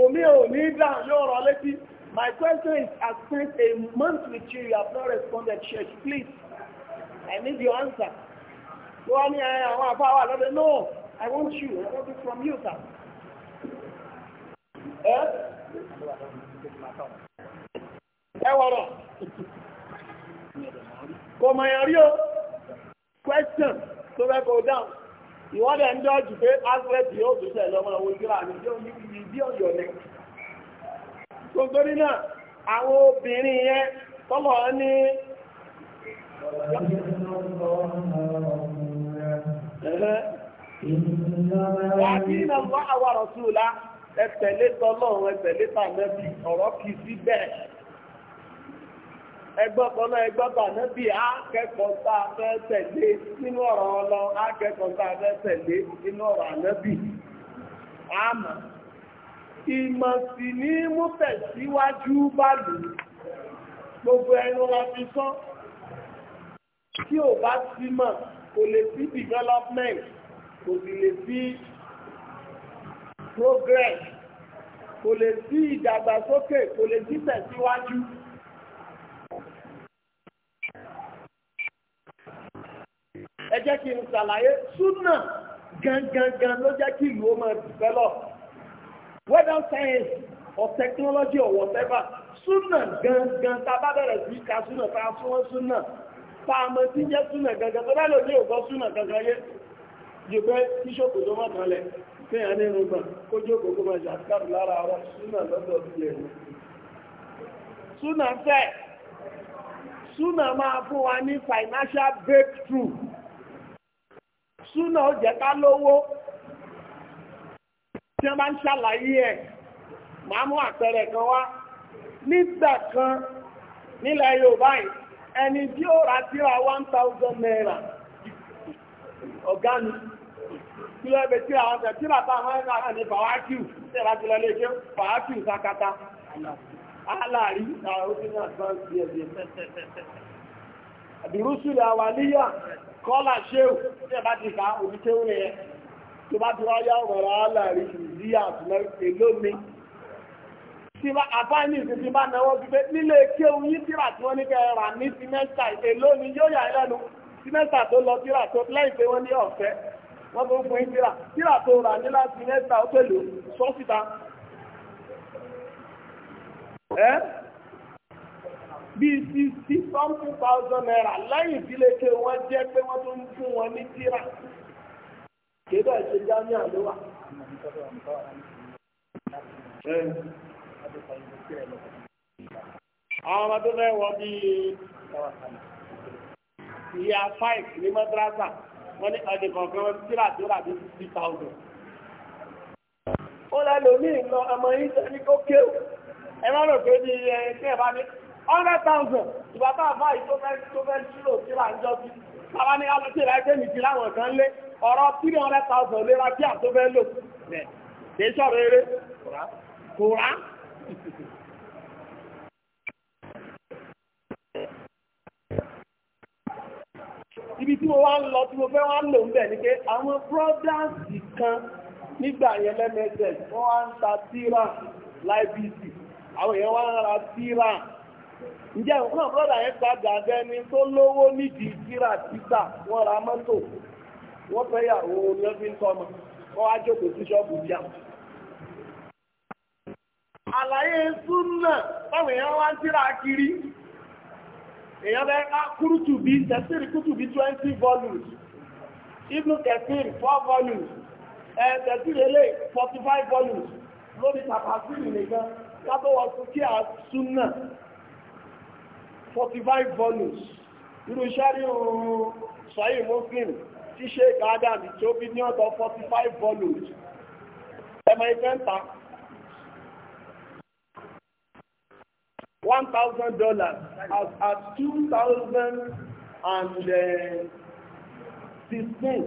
Omi ò ní dáhùn yóò rọ létí. My question is, as since a month with you, you have not responded, church. Please, I need your answer. Ló wá ní àwọn àbáwà lọ́dẹ, no, I want you, I want it from you, sir. Eh? ẹwọ̀rọ̀ kò mọ̀ yàn rí o question tó fẹ́ kò dáhùn ìwọ́dẹ̀ ń dọ́jú pé alfred yóò tó tẹ̀lé ọmọ owó ìgbà ní ìdí ọ̀yọ̀ ní gbogbo nínú àwọn obìnrin yẹn tọ́lọ̀ ní Wàdínà wà àwàrọ̀ tó lá ẹ̀tẹ̀lé tọ́lọ́run ẹ̀tẹ̀lé tàbí ọ̀rọ̀ kìí sí bẹ́ẹ̀. ẹgbọ́pọ̀lọ́ ẹgbọ́pọ̀ ànábì akẹ́kọ̀ọ́ tá a fẹ́ tẹ̀lé nínú ọ̀rọ̀ ọlọ akẹ́kọ̀ọ́ tá a fẹ́ tẹ̀lé nínú ọ̀rọ̀ ànábì àmà ìmọ̀ sí ní mútẹ̀síwájú bàlù gbogbo ẹnu la fi sọ tí ò bá sí mọ̀ kò lè sí development kò sì lè sí progress kò lè sí ìdàgbàsókè kò lè sí tẹ̀síwájú. Si ẹ jẹ́ kí n ṣàlàyé súnà gangan ló jẹ́ kí ìlú ó máa develop whether science or technology or whatever súnà gangan tá a bá bẹ̀rẹ̀ sí ka súnà tá a súnmọ́ súnà tá a mọ̀ sí jẹ́ súnà gangan tó bá lò ní òkọ́ súnà gangan yé jùpẹ́ tíṣọ́kù tó mọ̀ kan lẹ̀ kéèyàn nínú gbọ̀n kó jókòó kó máa ṣàtìkàrù lára àwọn súnà lọ́dọ̀ sí ẹ̀ súnà fẹ́ súnà máa fún wa ní financial breakthrough súnà ó jẹ́ ká lówó tí wọ́n bá ń ṣàlàyé ẹ̀ máa mú àpẹẹrẹ kan wá nígbà kan nílẹ̀ Yorùbá yìí ẹni tí ó ra tíra one thousand naira ọ̀gá ni kílọ̀ ẹbẹ̀ tíra wọn tẹ̀ tíra tá àwọn ẹ̀ka ní fàwákìú tíra tíra lè ṣe fàwákìú sakata aláàrí àwọn òfin náà sọ́ọ́ sí ẹ̀dẹ̀ àbírúsùlẹ̀ àwàlíyà kọ́lá ṣéwù tí ẹ̀bá ti ká òbí tí ó rẹ̀ ẹ̀ tó bá ti wáyá ọ̀rọ̀ aláàrí ìdí àtúnmẹ́ èlómi tí bá àfáìní ìsìn ti bá náwó gbígbé nílé kéwù yí tíra tí wọ́n ní kẹ́ rà ní símẹ́sà èlómi yóò yà lẹ́nu símẹ́sà tó lọ tíra tó lẹ́yìn pé wọ́n ní ọ̀fẹ́ wọ́n tó fún tíra tíra tó rà ní láti símẹ́sà ó pẹ̀lú sọ́síta bíi sixty something thousand naira lẹ́yìn ìdílé ké wọ́n jẹ́ pé wọ́n tún fún wọn ní tíra kéde ṣe jámí àlówà. àwọn ọmọ tó fẹ́ wọ bíi ìyá five ní mọ́tírásà wọ́n ní ọdẹ kọ̀ọ̀kan wọn tíra tó rà bí sixty thousand. ó lẹ́nu ní ìlọ ọmọ yìí sẹ́ni kó kéwù ẹ má rò pé bí ẹ ṣe é bá ní hundred thousand ìbátá àbá ìtọ́fẹ́ ṣírò tí ra ń jọ sí bàbá ní alùpùpù rẹ̀ ṣe nìtì láwọn kan lé ọ̀rọ̀ three hundred thousand lé ra tí àtọ́fẹ́ lò rẹ̀ kì í ṣọ̀rọ̀ eré kò rá. ibi tí mo wá ń lọ tí mo fẹ́ wá ń lò ń bẹ̀ ni pé àwọn brothers kan nígbà yẹn lẹ́mẹsẹ̀ wọ́n wá ń ta tíra láìbíìsì àwọn èèyàn wá ń ra tíra ǹjẹ́ ìwọ̀n brọ́dà yẹn gbàgbà bẹni tó lówó nídìí kíra títà wọ́n ra mọ́tò wọ́n fẹ́ yàwó ni wọ́n fi ń tọ́mọ wọ́n wá jókòó sí ṣọ́ọ̀bù jà. àlàyé súnà báwọn èèyàn wá ń tíra kiri èèyàn bẹ ká ah, kúrútù bíi tẹ̀sírì kúrútù bíi twenty volumes ibnu kẹsírì four volumes ẹ̀ tẹ̀sírì elé forty five volumes lórí tàbásírì nìkan látọwọ́ sókè àsúnà. 45 volumes irú sẹ́rí oòrùn sọ́yí muslim tí ṣe ìkádàmì tí ó bí ní ọ̀dọ̀ 45 volumes ẹmọ ẹgbẹ́ ń ta one thousand dollars as at two thousand and eh, sixteen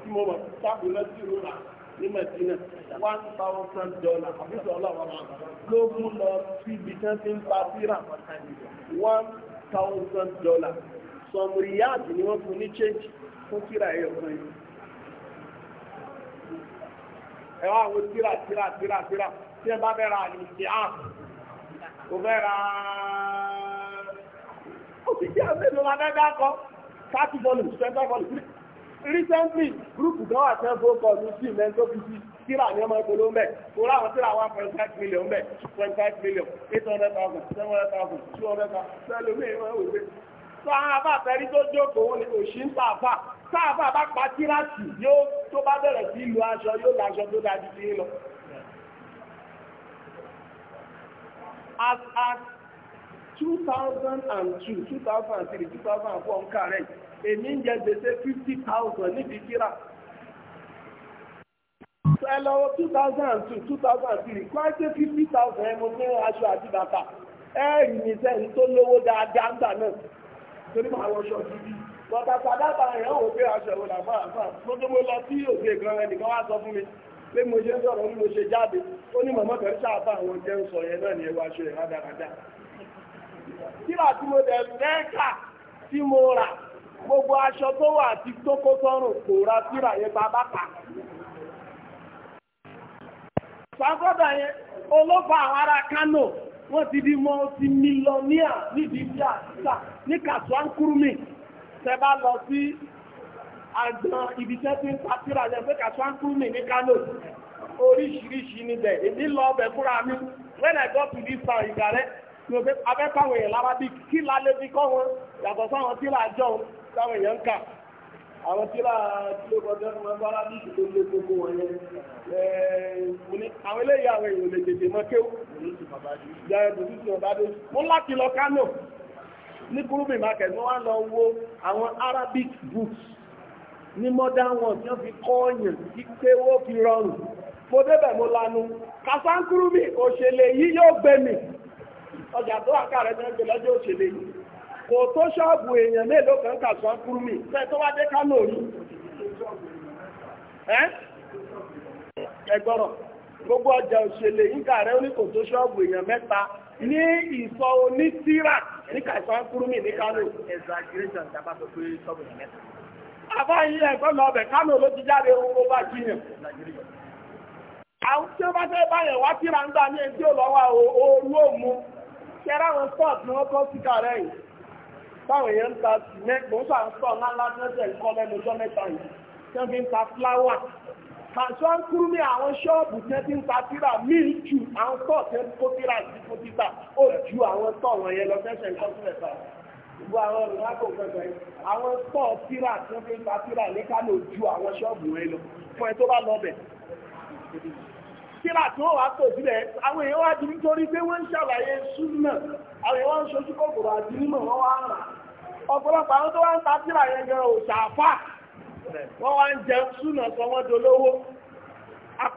tí mo mọ̀ sábùlọ́sí rúra ní Mẹ̀dínà one thousand dollars àbísọ̀ ọlọ́wọ́ ló mú lọ síbi tí wọ́n ti ń pa síra one thousand dollars sọmù ríyáàdì ni wọ́n fún ní change fún síra ẹ̀yọ̀ kan yìí. ẹ wá wo síra síra síra síra tí ẹ bá fẹ́ ra àlè ìṣe áàpù kò fẹ́ ra ó ti jẹ́ àmì ìlú wa kọ́ thirty volumes twenty volumes recently group kan wà tẹ́ fún ọkọ̀ mi sí mẹ́ńtọ́fíìsì tíra ní ọmọ ìpolówó mẹ́ torí àwọn tíra wà twenty five million mẹ́ twenty five million eight hundred thousand seven hundred thousand two hundred thousand sẹ́lómi ìwọ̀n òwe sáàbà fẹ́rí tó jókòó ní òṣì ń pàfà sáàbà bá pa kíláàsì yóò tó bá bẹ̀rẹ̀ sí ìlú aṣọ yóò láṣọ tó dájú sí lọ. as at 2002 2003 2004 ń kàrẹ́ yìí èmi ń jẹ gbèsè fifty thousand níbi kíra ẹ lọ́wọ́ two thousand two two thousand three kí thousand ẹ mo aṣọ àti bàtà ẹ rìn ní tó lówó dáadáa ń gbà náà torí màá wọ sàdábà pé aṣọ lọ sí gan ẹnìkan wá sọ fún mi pé mo ṣe ń sọ̀rọ̀ ní mo ṣe jáde ó ní mọ̀mọ́ kan ṣáàbà àwọn jẹ́ ń sọ yẹn náà aṣọ ìrádàrádà. mo dẹ̀ gbogbo aṣọ tó wà àti tókó sọ́rùn kò ra síra yẹn bàbá kà. sàgọ́dà yẹn olófà àwọn ará Kánò wọ́n ti di mọ́ọ̀tì mílíọ̀níà nídìí bí àṣìṣà ní Kasuankurmi tẹ́ bá lọ sí àgbọn ibi tẹ́ ti ń ta síra yẹn pé Kasuankurmi ní Kánò oríṣiríṣi níbẹ̀ èmi lọ ọbẹ̀ fúnra mi when I got to this town ìgbà rẹ̀ abẹ́kọ̀wé yẹn lára bí kí lálé fi kọ́ wọn yàtọ̀ sáwọn tí làá jọ táwọn èèyàn ń kà àwọn tí láà tí ó kọjá ní wọn bára ní ìṣòro ilé gbogbo wọn yẹn àwọn eléyìí àwọn èèyàn lè tètè mọ kéwù jẹ́ ìdòtí tí ọba dé mo láti lọ Kánò ní kúrúbì market mo wá lọ wo àwọn Arabic books ní modern ones tí wọ́n fi kọ́ ọ̀yàn kí kéwó fi rọrùn mo débẹ̀ mo lanu kàṣánkúrúbì òṣèlè yìí yóò gbẹ̀mí ọjà tó àkàrẹ̀ ní ọjọ́ òṣèlè yìí kò tó ṣọ́ọ̀bù èèyàn mélòó kan kà sọ mi fẹ́ tó wá dé kánò yìí ẹgbọ́rọ̀ gbogbo ọjà òṣèlè yíká rẹ̀ ní kò tó ṣọ́ọ̀bù èèyàn mẹ́ta ní ìsọ onítìrà ní kàìsàn kúrú mi ní kánò ọbẹ̀ kánò ló ti jáde owó bá àwọn tí ó bá fẹ́ wá ń táwọn èèyàn ń ta mẹ́gbọ́n sà ń sọ ńláńlá tẹ́tẹ̀ ń kọ́ lẹ́nu ọjọ́ mẹ́ta yìí tí wọ́n fi ń ta fúláwà kàṣọ ń kúrú ní àwọn ṣọ́ọ̀bù tí wọ́n ti ń ta tíra míì ju àwọn tọ́ tí wọ́n kó tíra sí fún títà ó ju àwọn tọ́ wọn yẹn lọ fẹ́sẹ̀ ń kọ́ ta gbogbo àwọn olùdákò fẹ́fẹ́ àwọn tọ́ tíra tí fi ń ta tíra ní kánò ju àwọn ṣọ́ọ̀bù wọn lọ fún ẹ tó bá lọ bẹ̀. tíra tí wọ́n wá tò sílẹ̀ àwọn èèyàn wá di nítorí pé wọ́n ń ṣàlàyé súnà àwọn èèyàn wá ń ṣojú kòkòrò àti nímọ̀ wọ́n wá ń rà ọ̀pọ̀lọpọ̀ àwọn tó wá ń ta tíra yẹn gan òṣàfà wọ́n wá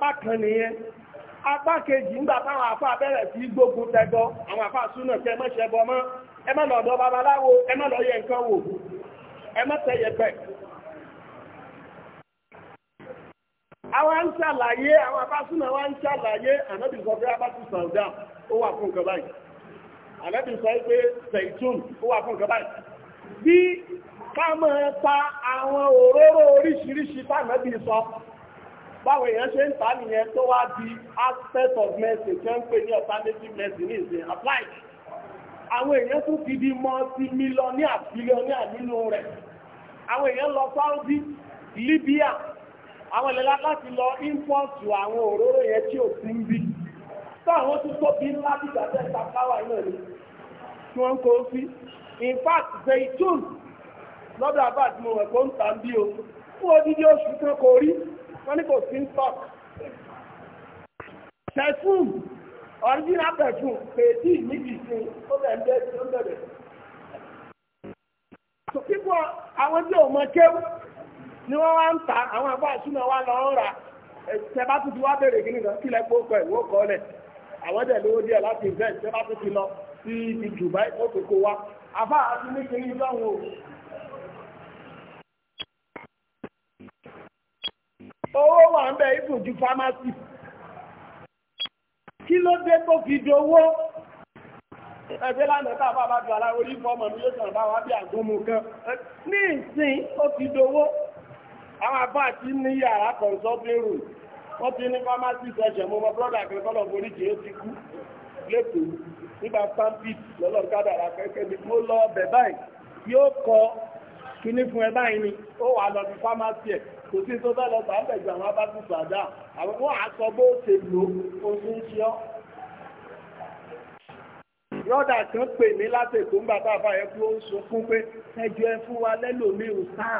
ń kan nìyẹn apá kejì ń gbà táwọn àfà bẹ̀rẹ̀ sí gbógun tẹgọ àwọn àfà súnà tẹ mọ́ ṣẹbọ mọ́ ẹ má àwọn ń ṣàlàyé àwọn abásúnà wá ń ṣàlàyé ànábì sọ pé abásù sàúdà ó wà fún nǹkan báyìí ànábì sọ pé zaitun ó wà fún nǹkan báyìí bí ká máa ta àwọn òróró oríṣiríṣi tànábì sọ báwọn èèyàn ṣe ń ta nìyẹn tó wá di aspect of medicine tó ń pè ní alternative medicine ní ìsìn applied àwọn èèyàn tún ti di multi-millionaire billionaire nínú rẹ̀ àwọn èèyàn lọ Saudi Libya àwọn ìlera láti lọ ímpọ́ọ̀tù àwọn òróró yẹn tí ò sí ń bí táwọn tún tóbi ńlá dìgbà tẹ́ta káwà náà ni tí wọ́n ń kó sí in fact zaitun lọ́dọ̀ abad mo rẹ̀ kó ń tà ń bí o fún odidi oṣù kan kò rí wọ́n ní kò sí stock perfume original perfume pèsè níbi ìsìn tó bẹ̀rẹ̀ tó bẹ̀rẹ̀ so people àwọn tí ò mọ kéwù ni wọ́n wá ń ta àwọn àgbà ìṣúná wa lọ rà ẹ̀sẹ̀ bá tún ti wá bèrè kí nìkan kílẹ̀ pọ̀ pẹ̀ ìwó kọ́ lẹ̀ àwọn dẹ̀ lówó díẹ̀ láti ìfẹ́ ẹ̀sẹ̀ bá ti lọ sí ibi Dubai ó tó kó wa àbá àti ní kiri lọ́wọ́. owó wà ń bẹ ibùn ju fámásì kí ló dé tó fi dowó ẹgbẹ́ lánàá tá a bá bá ju aláwo orí fọ́ọ̀mù mi yóò sọ̀rọ̀ bá wa bí àgbọ̀mù kan ní ìsìn ó fi dowó àwọn àbá àti ní yàrá consulting room wọ́n ti ní pharmacy session mo mọ brọ́dà kan kọ́lọ̀ borí jẹ́ ó ti kú lẹ́kọ̀ọ́ nígbà stampede lọ́lọ́ kádàrà kẹ́kẹ́ ni mo lọ ọbẹ̀ báyìí yóò kọ kíní fún ẹ báyìí ni ó wà lọ sí pharmacy ẹ̀ kò sí tó bẹ́ẹ̀ lọ sàbẹ̀ ju àwọn abájú sàdá àwọn wọn àsọ bó ṣe lò ó ṣe ń ṣe ọ́. brọ́dà kan pè mí látẹ̀kọ́ ńgbà tá a bá yẹ kó ó sunkún pé ẹjọ́ ẹ fún wa lẹ́lòmíì sáà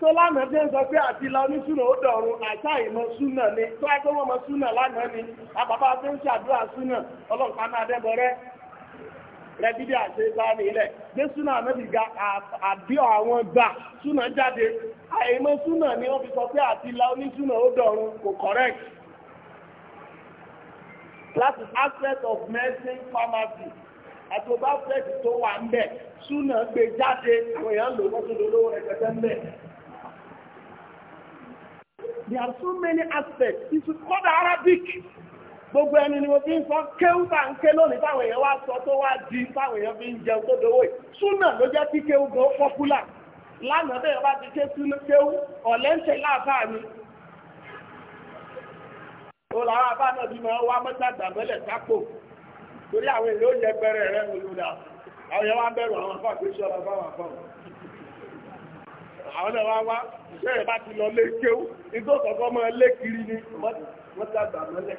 tó lánàá bí ń sọ pé àti lọ ní súnà ó dọ̀run àṣà súnà ni tó ẹgbẹ́ wọn mọ súnà lánàá ni àbàbà tó ń ṣàdúrà súnà ọlọ́pàá náà dẹ́bọrẹ́ rẹ̀bídí àṣẹ ní ilẹ̀ gbé súnà mẹ́bí ga àdíọ̀ àwọn gbà súnà jáde àìmọ̀ súnà ni wọ́n fi sọ pé àti lọ ní súnà ó kò correct that aspect of medicine pharmacy àti ọba fẹ́ẹ̀tì tó wà ń bẹ̀ súnà gbé jáde àwọn èèyàn lò ń bẹ̀ there are so many aspects it Arabic gbogbo ẹni ni mo fi ń sọ kéwú ń ké lónìí èèyàn wá di táwọn èèyàn fi ń jẹun tó dowó yìí súnà ló jẹ́ kí kéwú gan pọ́pùlà lánàá bẹ́ẹ̀ bá ti ké súnà kéwú ọ̀lẹ́ ń ṣe mi. làwọn náà bí wá mọ́tàgbà mọ́lẹ̀ sápò torí àwọn èèyàn ó yẹ pẹrẹ rẹ àwọn àwọn náà wá wá iṣẹ́ rẹ̀ bá ti lọ lé kéwú nígbà kọ̀ọ̀kan mọ́ lé kiri ni wọ́n dàgbà mọ́lẹ̀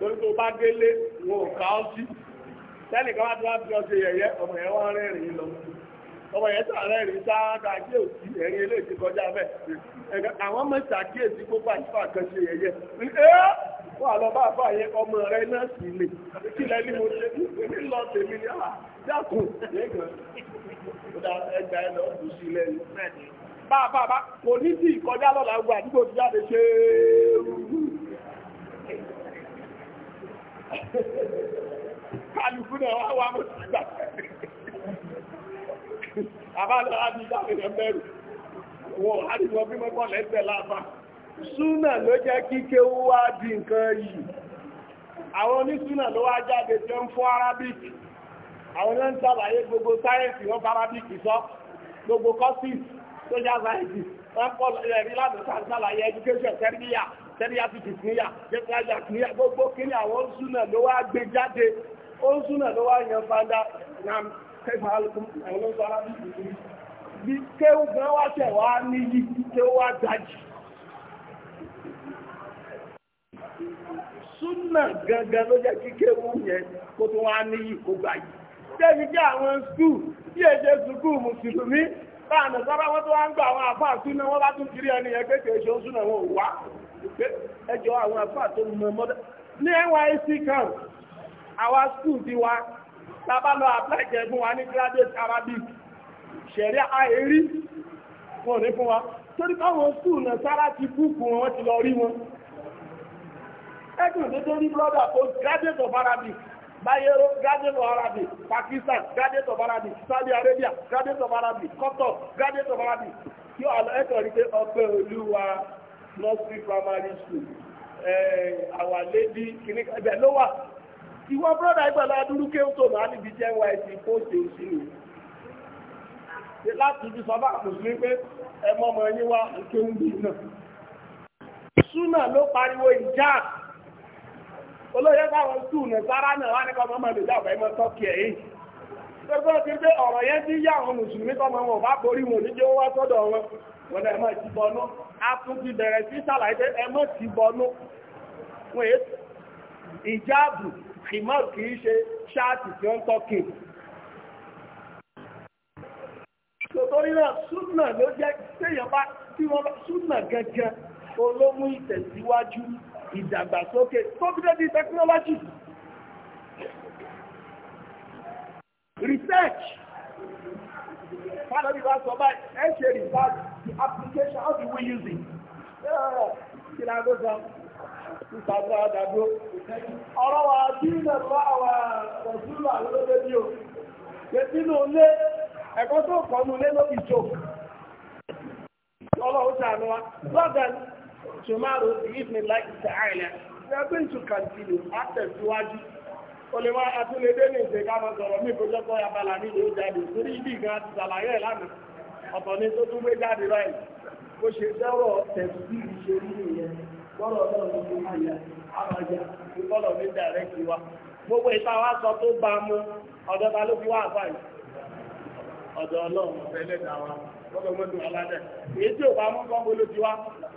lórí tó bá délé wọn ò ká ọ́ sí tẹ́lẹ̀ kan bá ti wá fi ọṣẹ yẹ̀yẹ́ ọmọ yẹn wá rẹ́rìn-ín lọ ọmọ yẹn sọ rẹ́rìn-ín sáádà kí òsì ẹ̀rin eléyìí ti kọjá bẹ́ẹ̀ àwọn ọmọ ìṣàkíyèsí gbogbo àyíká kan ṣe yẹ̀yẹ́ wà lọ bá bá yẹ ọmọ rẹ náà sì lè kí lẹ́ni mo ṣe ní lọ tèmi ní àdàkùn ah, ẹgbà ẹlọ ọdún sí ilẹ̀ ìlú bàbá kò ní sí ìkọjá lọ́la gbogbo àdúgbò ti jáde ṣe kálùkù náà wá wá mọ́ sí ìgbà àbálọ́ àti ìjáde rẹ̀ bẹ̀rù wọ́n á ti lọ bí mọ́kàn lẹ́sẹ̀ láàbá súnà ló jẹ́ kíké wá di nǹkan yìí àwọn onísúnà ló wá jáde tí ó ń fọ́ arábíkì àwọn náà ń sàlàyé gbogbo sáyẹ̀nsì wọn farabiki sọ gbogbo courses social sciences wọn pọ̀ ẹ̀rí ládùúgbò sàlàyé education tẹ́ríyà tẹ́ríyà tuntun níyà jẹ́tẹ́yà níyà gbogbo kíni àwọn súnà ló wá gbé jáde ó súnà ló wá yan fada nam kẹfà àwọn náà farabiki bí kéwù gan wá tẹ̀ wá níyì kéwù wá dájì. súnà gangan ló jẹ́ kíkéwù yẹn kó tó wá níyì kó gbà yìí jẹ́ ibi tí àwọn skúù tí èṣe sùkúù mùsùlùmí láàrín ọ̀sára wọn tó wá ń gbà àwọn àfáà tún náà wọ́n bá tún kiri ẹni ẹgbẹ́ kèéṣe oṣù náà wọ́n wá ẹjọ́ àwọn àfáà tó mọ mọ́dá ní NYSC kan àwa skúù ti wá tábà lọ apply jẹ fún wa ní graduate Arabic ṣẹ̀rí àìrí wọn ní fún wa torí káwọn skúù náà sára ti búùkù wọn ti lọ rí wọn ẹgbẹ́ òdodo rí brother post graduate of Arabic Bayero, Graduate of Pakistan, Graduate of Arabic, Saudi Arabia, Graduate of Qatar, Graduate of Arabic. ala ọ̀lẹ́kọ̀ọ́ rí pé ọpẹ́ nursery primary school, our lady kìnní ẹgbẹ̀ ló wà. Ìwọ bọ́dà ìgbàlá Adúrúkẹ́ tó máa níbi jẹ́ NYC òsì láti ibi sọ bá pé ọmọ wá òkè ń bí pariwo ìjáàkì olóyè báwọn tù ní sára náà wá ní kọ́ mọ́mọ́ lè dábàá ẹmọ tọ́kì ẹ̀ yìí gbogbo ti pé ọ̀rọ̀ yẹn ti yá àwọn mùsùlùmí kọ́ mọ́ wọn bá borí wọn ní jẹ́ wá sọ́dọ̀ wọn wọn ẹ̀mọ́ ti bọnú a tún ti bẹ̀rẹ̀ sí sàlàyé pé ẹmọ́ ti bọnú wọn èé ìjáàbù ìmọ̀ kì í ṣe ṣáàtì tí ó ń tọ́kì tòtòrí náà súnà ló jẹ́ téèyàn bá tí wọ́n súnà gẹ́gẹ́ olómú ìtẹ̀síwájú ìdàgbàsókè tó bí dé di technology research fádọ́bí bá sọ báyìí ẹ ṣe research the application how do we use it kí ni a gbé sọ ìsàgbà àdàgbò ọ̀rọ̀ wa bí ilẹ̀ bá wà ọ̀sùn àlọ́lọ́dẹ́ bí o pé sínú ilé ẹ̀kọ́ tó kọ́ nu ilé lóbi jò ọlọ́run ṣàánú wa tomorrow, the evening, like ta'ala, we are going to continue after Tuwaji. Olè wá ní ìṣe ká máa sọ̀rọ̀ mí abala ní ìlú jáde torí ibi gan ti ṣàlàyé lánàá. Ọ̀tọ̀ ni tó tún gbé jáde báyìí. Bó ṣe sọ̀rọ̀ tẹ̀sí bí ìṣe rí nìyẹn. Bọ́lọ̀ náà ló fi máa yà àbájá ní wa. Gbogbo ìta sọ tó bá mú ọ̀dọ́ ta ló fi wá àbáyé. Ọlọ́run ọ̀fẹ́ lẹ́dàá wa. mọ́tò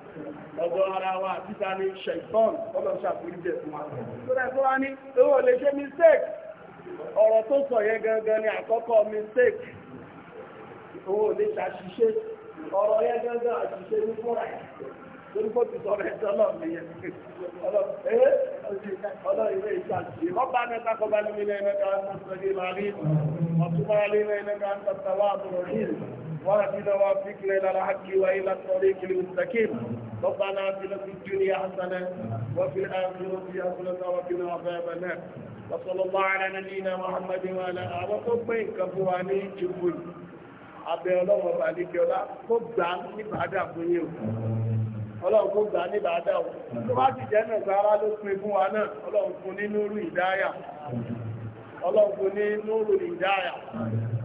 ọ̀dọ̀ ara wa títa ní ṣẹ̀tọ́n ọlọ́ṣà fúrídẹ̀ fún wa tó rẹ̀ tó wá ní owó lè ṣe mistake ọ̀rọ̀ tó sọ yẹn gangan ni àkọ́kọ́ mistake owó lè ṣàṣìṣe ọ̀rọ̀ yẹn gangan àṣìṣe ní fúnra ẹ̀ torí kó ti sọ̀rọ̀ ẹ̀sẹ̀ ọlọ́run yẹn ọlọ́run ilé ìṣe àṣìṣe ọba mẹ́ta kọba ní ilé ẹ̀mẹ́ta ń tọ́jú ìlàrí ọ̀túnbá ilé ẹ̀mẹ́ta ń tọ́jú واهدنا وافقنا الى الحق والى الطريق المستقيم ربنا اتنا في الدنيا حسنه وفي الاخره حسنه وقنا عذاب النار وصلى الله على نبينا محمد وعلى اله وصحبه كفواني جبوي abẹ ọlọ́wọ́ balẹ̀kẹ́ọ́lá kó gbà níbàádà fún yín o ọlọ́run kó gbà níbàádà o tó bá ti jẹ́ sára ló pin fún wa náà ọlọ́run fún ní núrù ìdáyà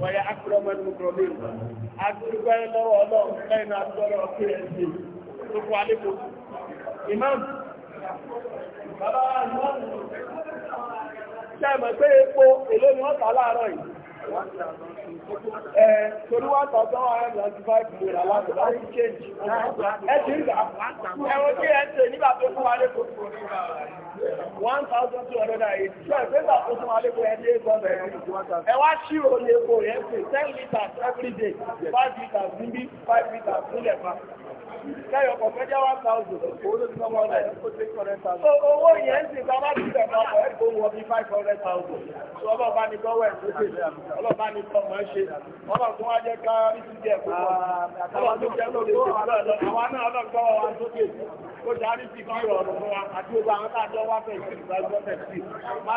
wọ̀nyẹ akọ̀rọ̀mọ́ni mọ̀kọ̀rọ̀mí adúgbò ẹ̀ lọ́wọ́ ọlọ́run lẹ́yìn adúgbò ọ̀kẹ́ ẹ̀ ṣe ẹ torí wá tọ̀tọ̀ wà ẹ̀ ninety five naira láti láti change ẹ ti ń gbà ẹ̀wọ̀n kí ẹ ṣe nígbà tó fún wa lẹ́kọ̀ọ́ one thousand two hundred and eighty two nígbà tó fún wa lẹ́kọ̀ọ́ ẹ̀ eight hundred ẹ̀ wá ṣírò lẹ́kọ̀ọ́ yẹn pé ten litres every day five litres níbí five litres nílẹ̀ pa. Kẹ́yọ̀ owó yẹn ń sìn bá bá ti ọ̀pọ̀ ẹ̀ kó bí five hundred thousand. Ọlọ́run bá ní gbọ́wọ́ ẹ̀ ṣe, ọlọ́run ní tọmọ ẹ ṣe, tó wá jẹ́ ká rí jẹ́ ẹ̀kọ́. Àwọn tó jẹ́ lórí àwọn náà ọlọ́run gbọ́wọ́ wa sókè. Ó darí sí kí ọ̀rọ̀ fún wa àti gbogbo àwọn tá a jọ fẹ̀ sí Má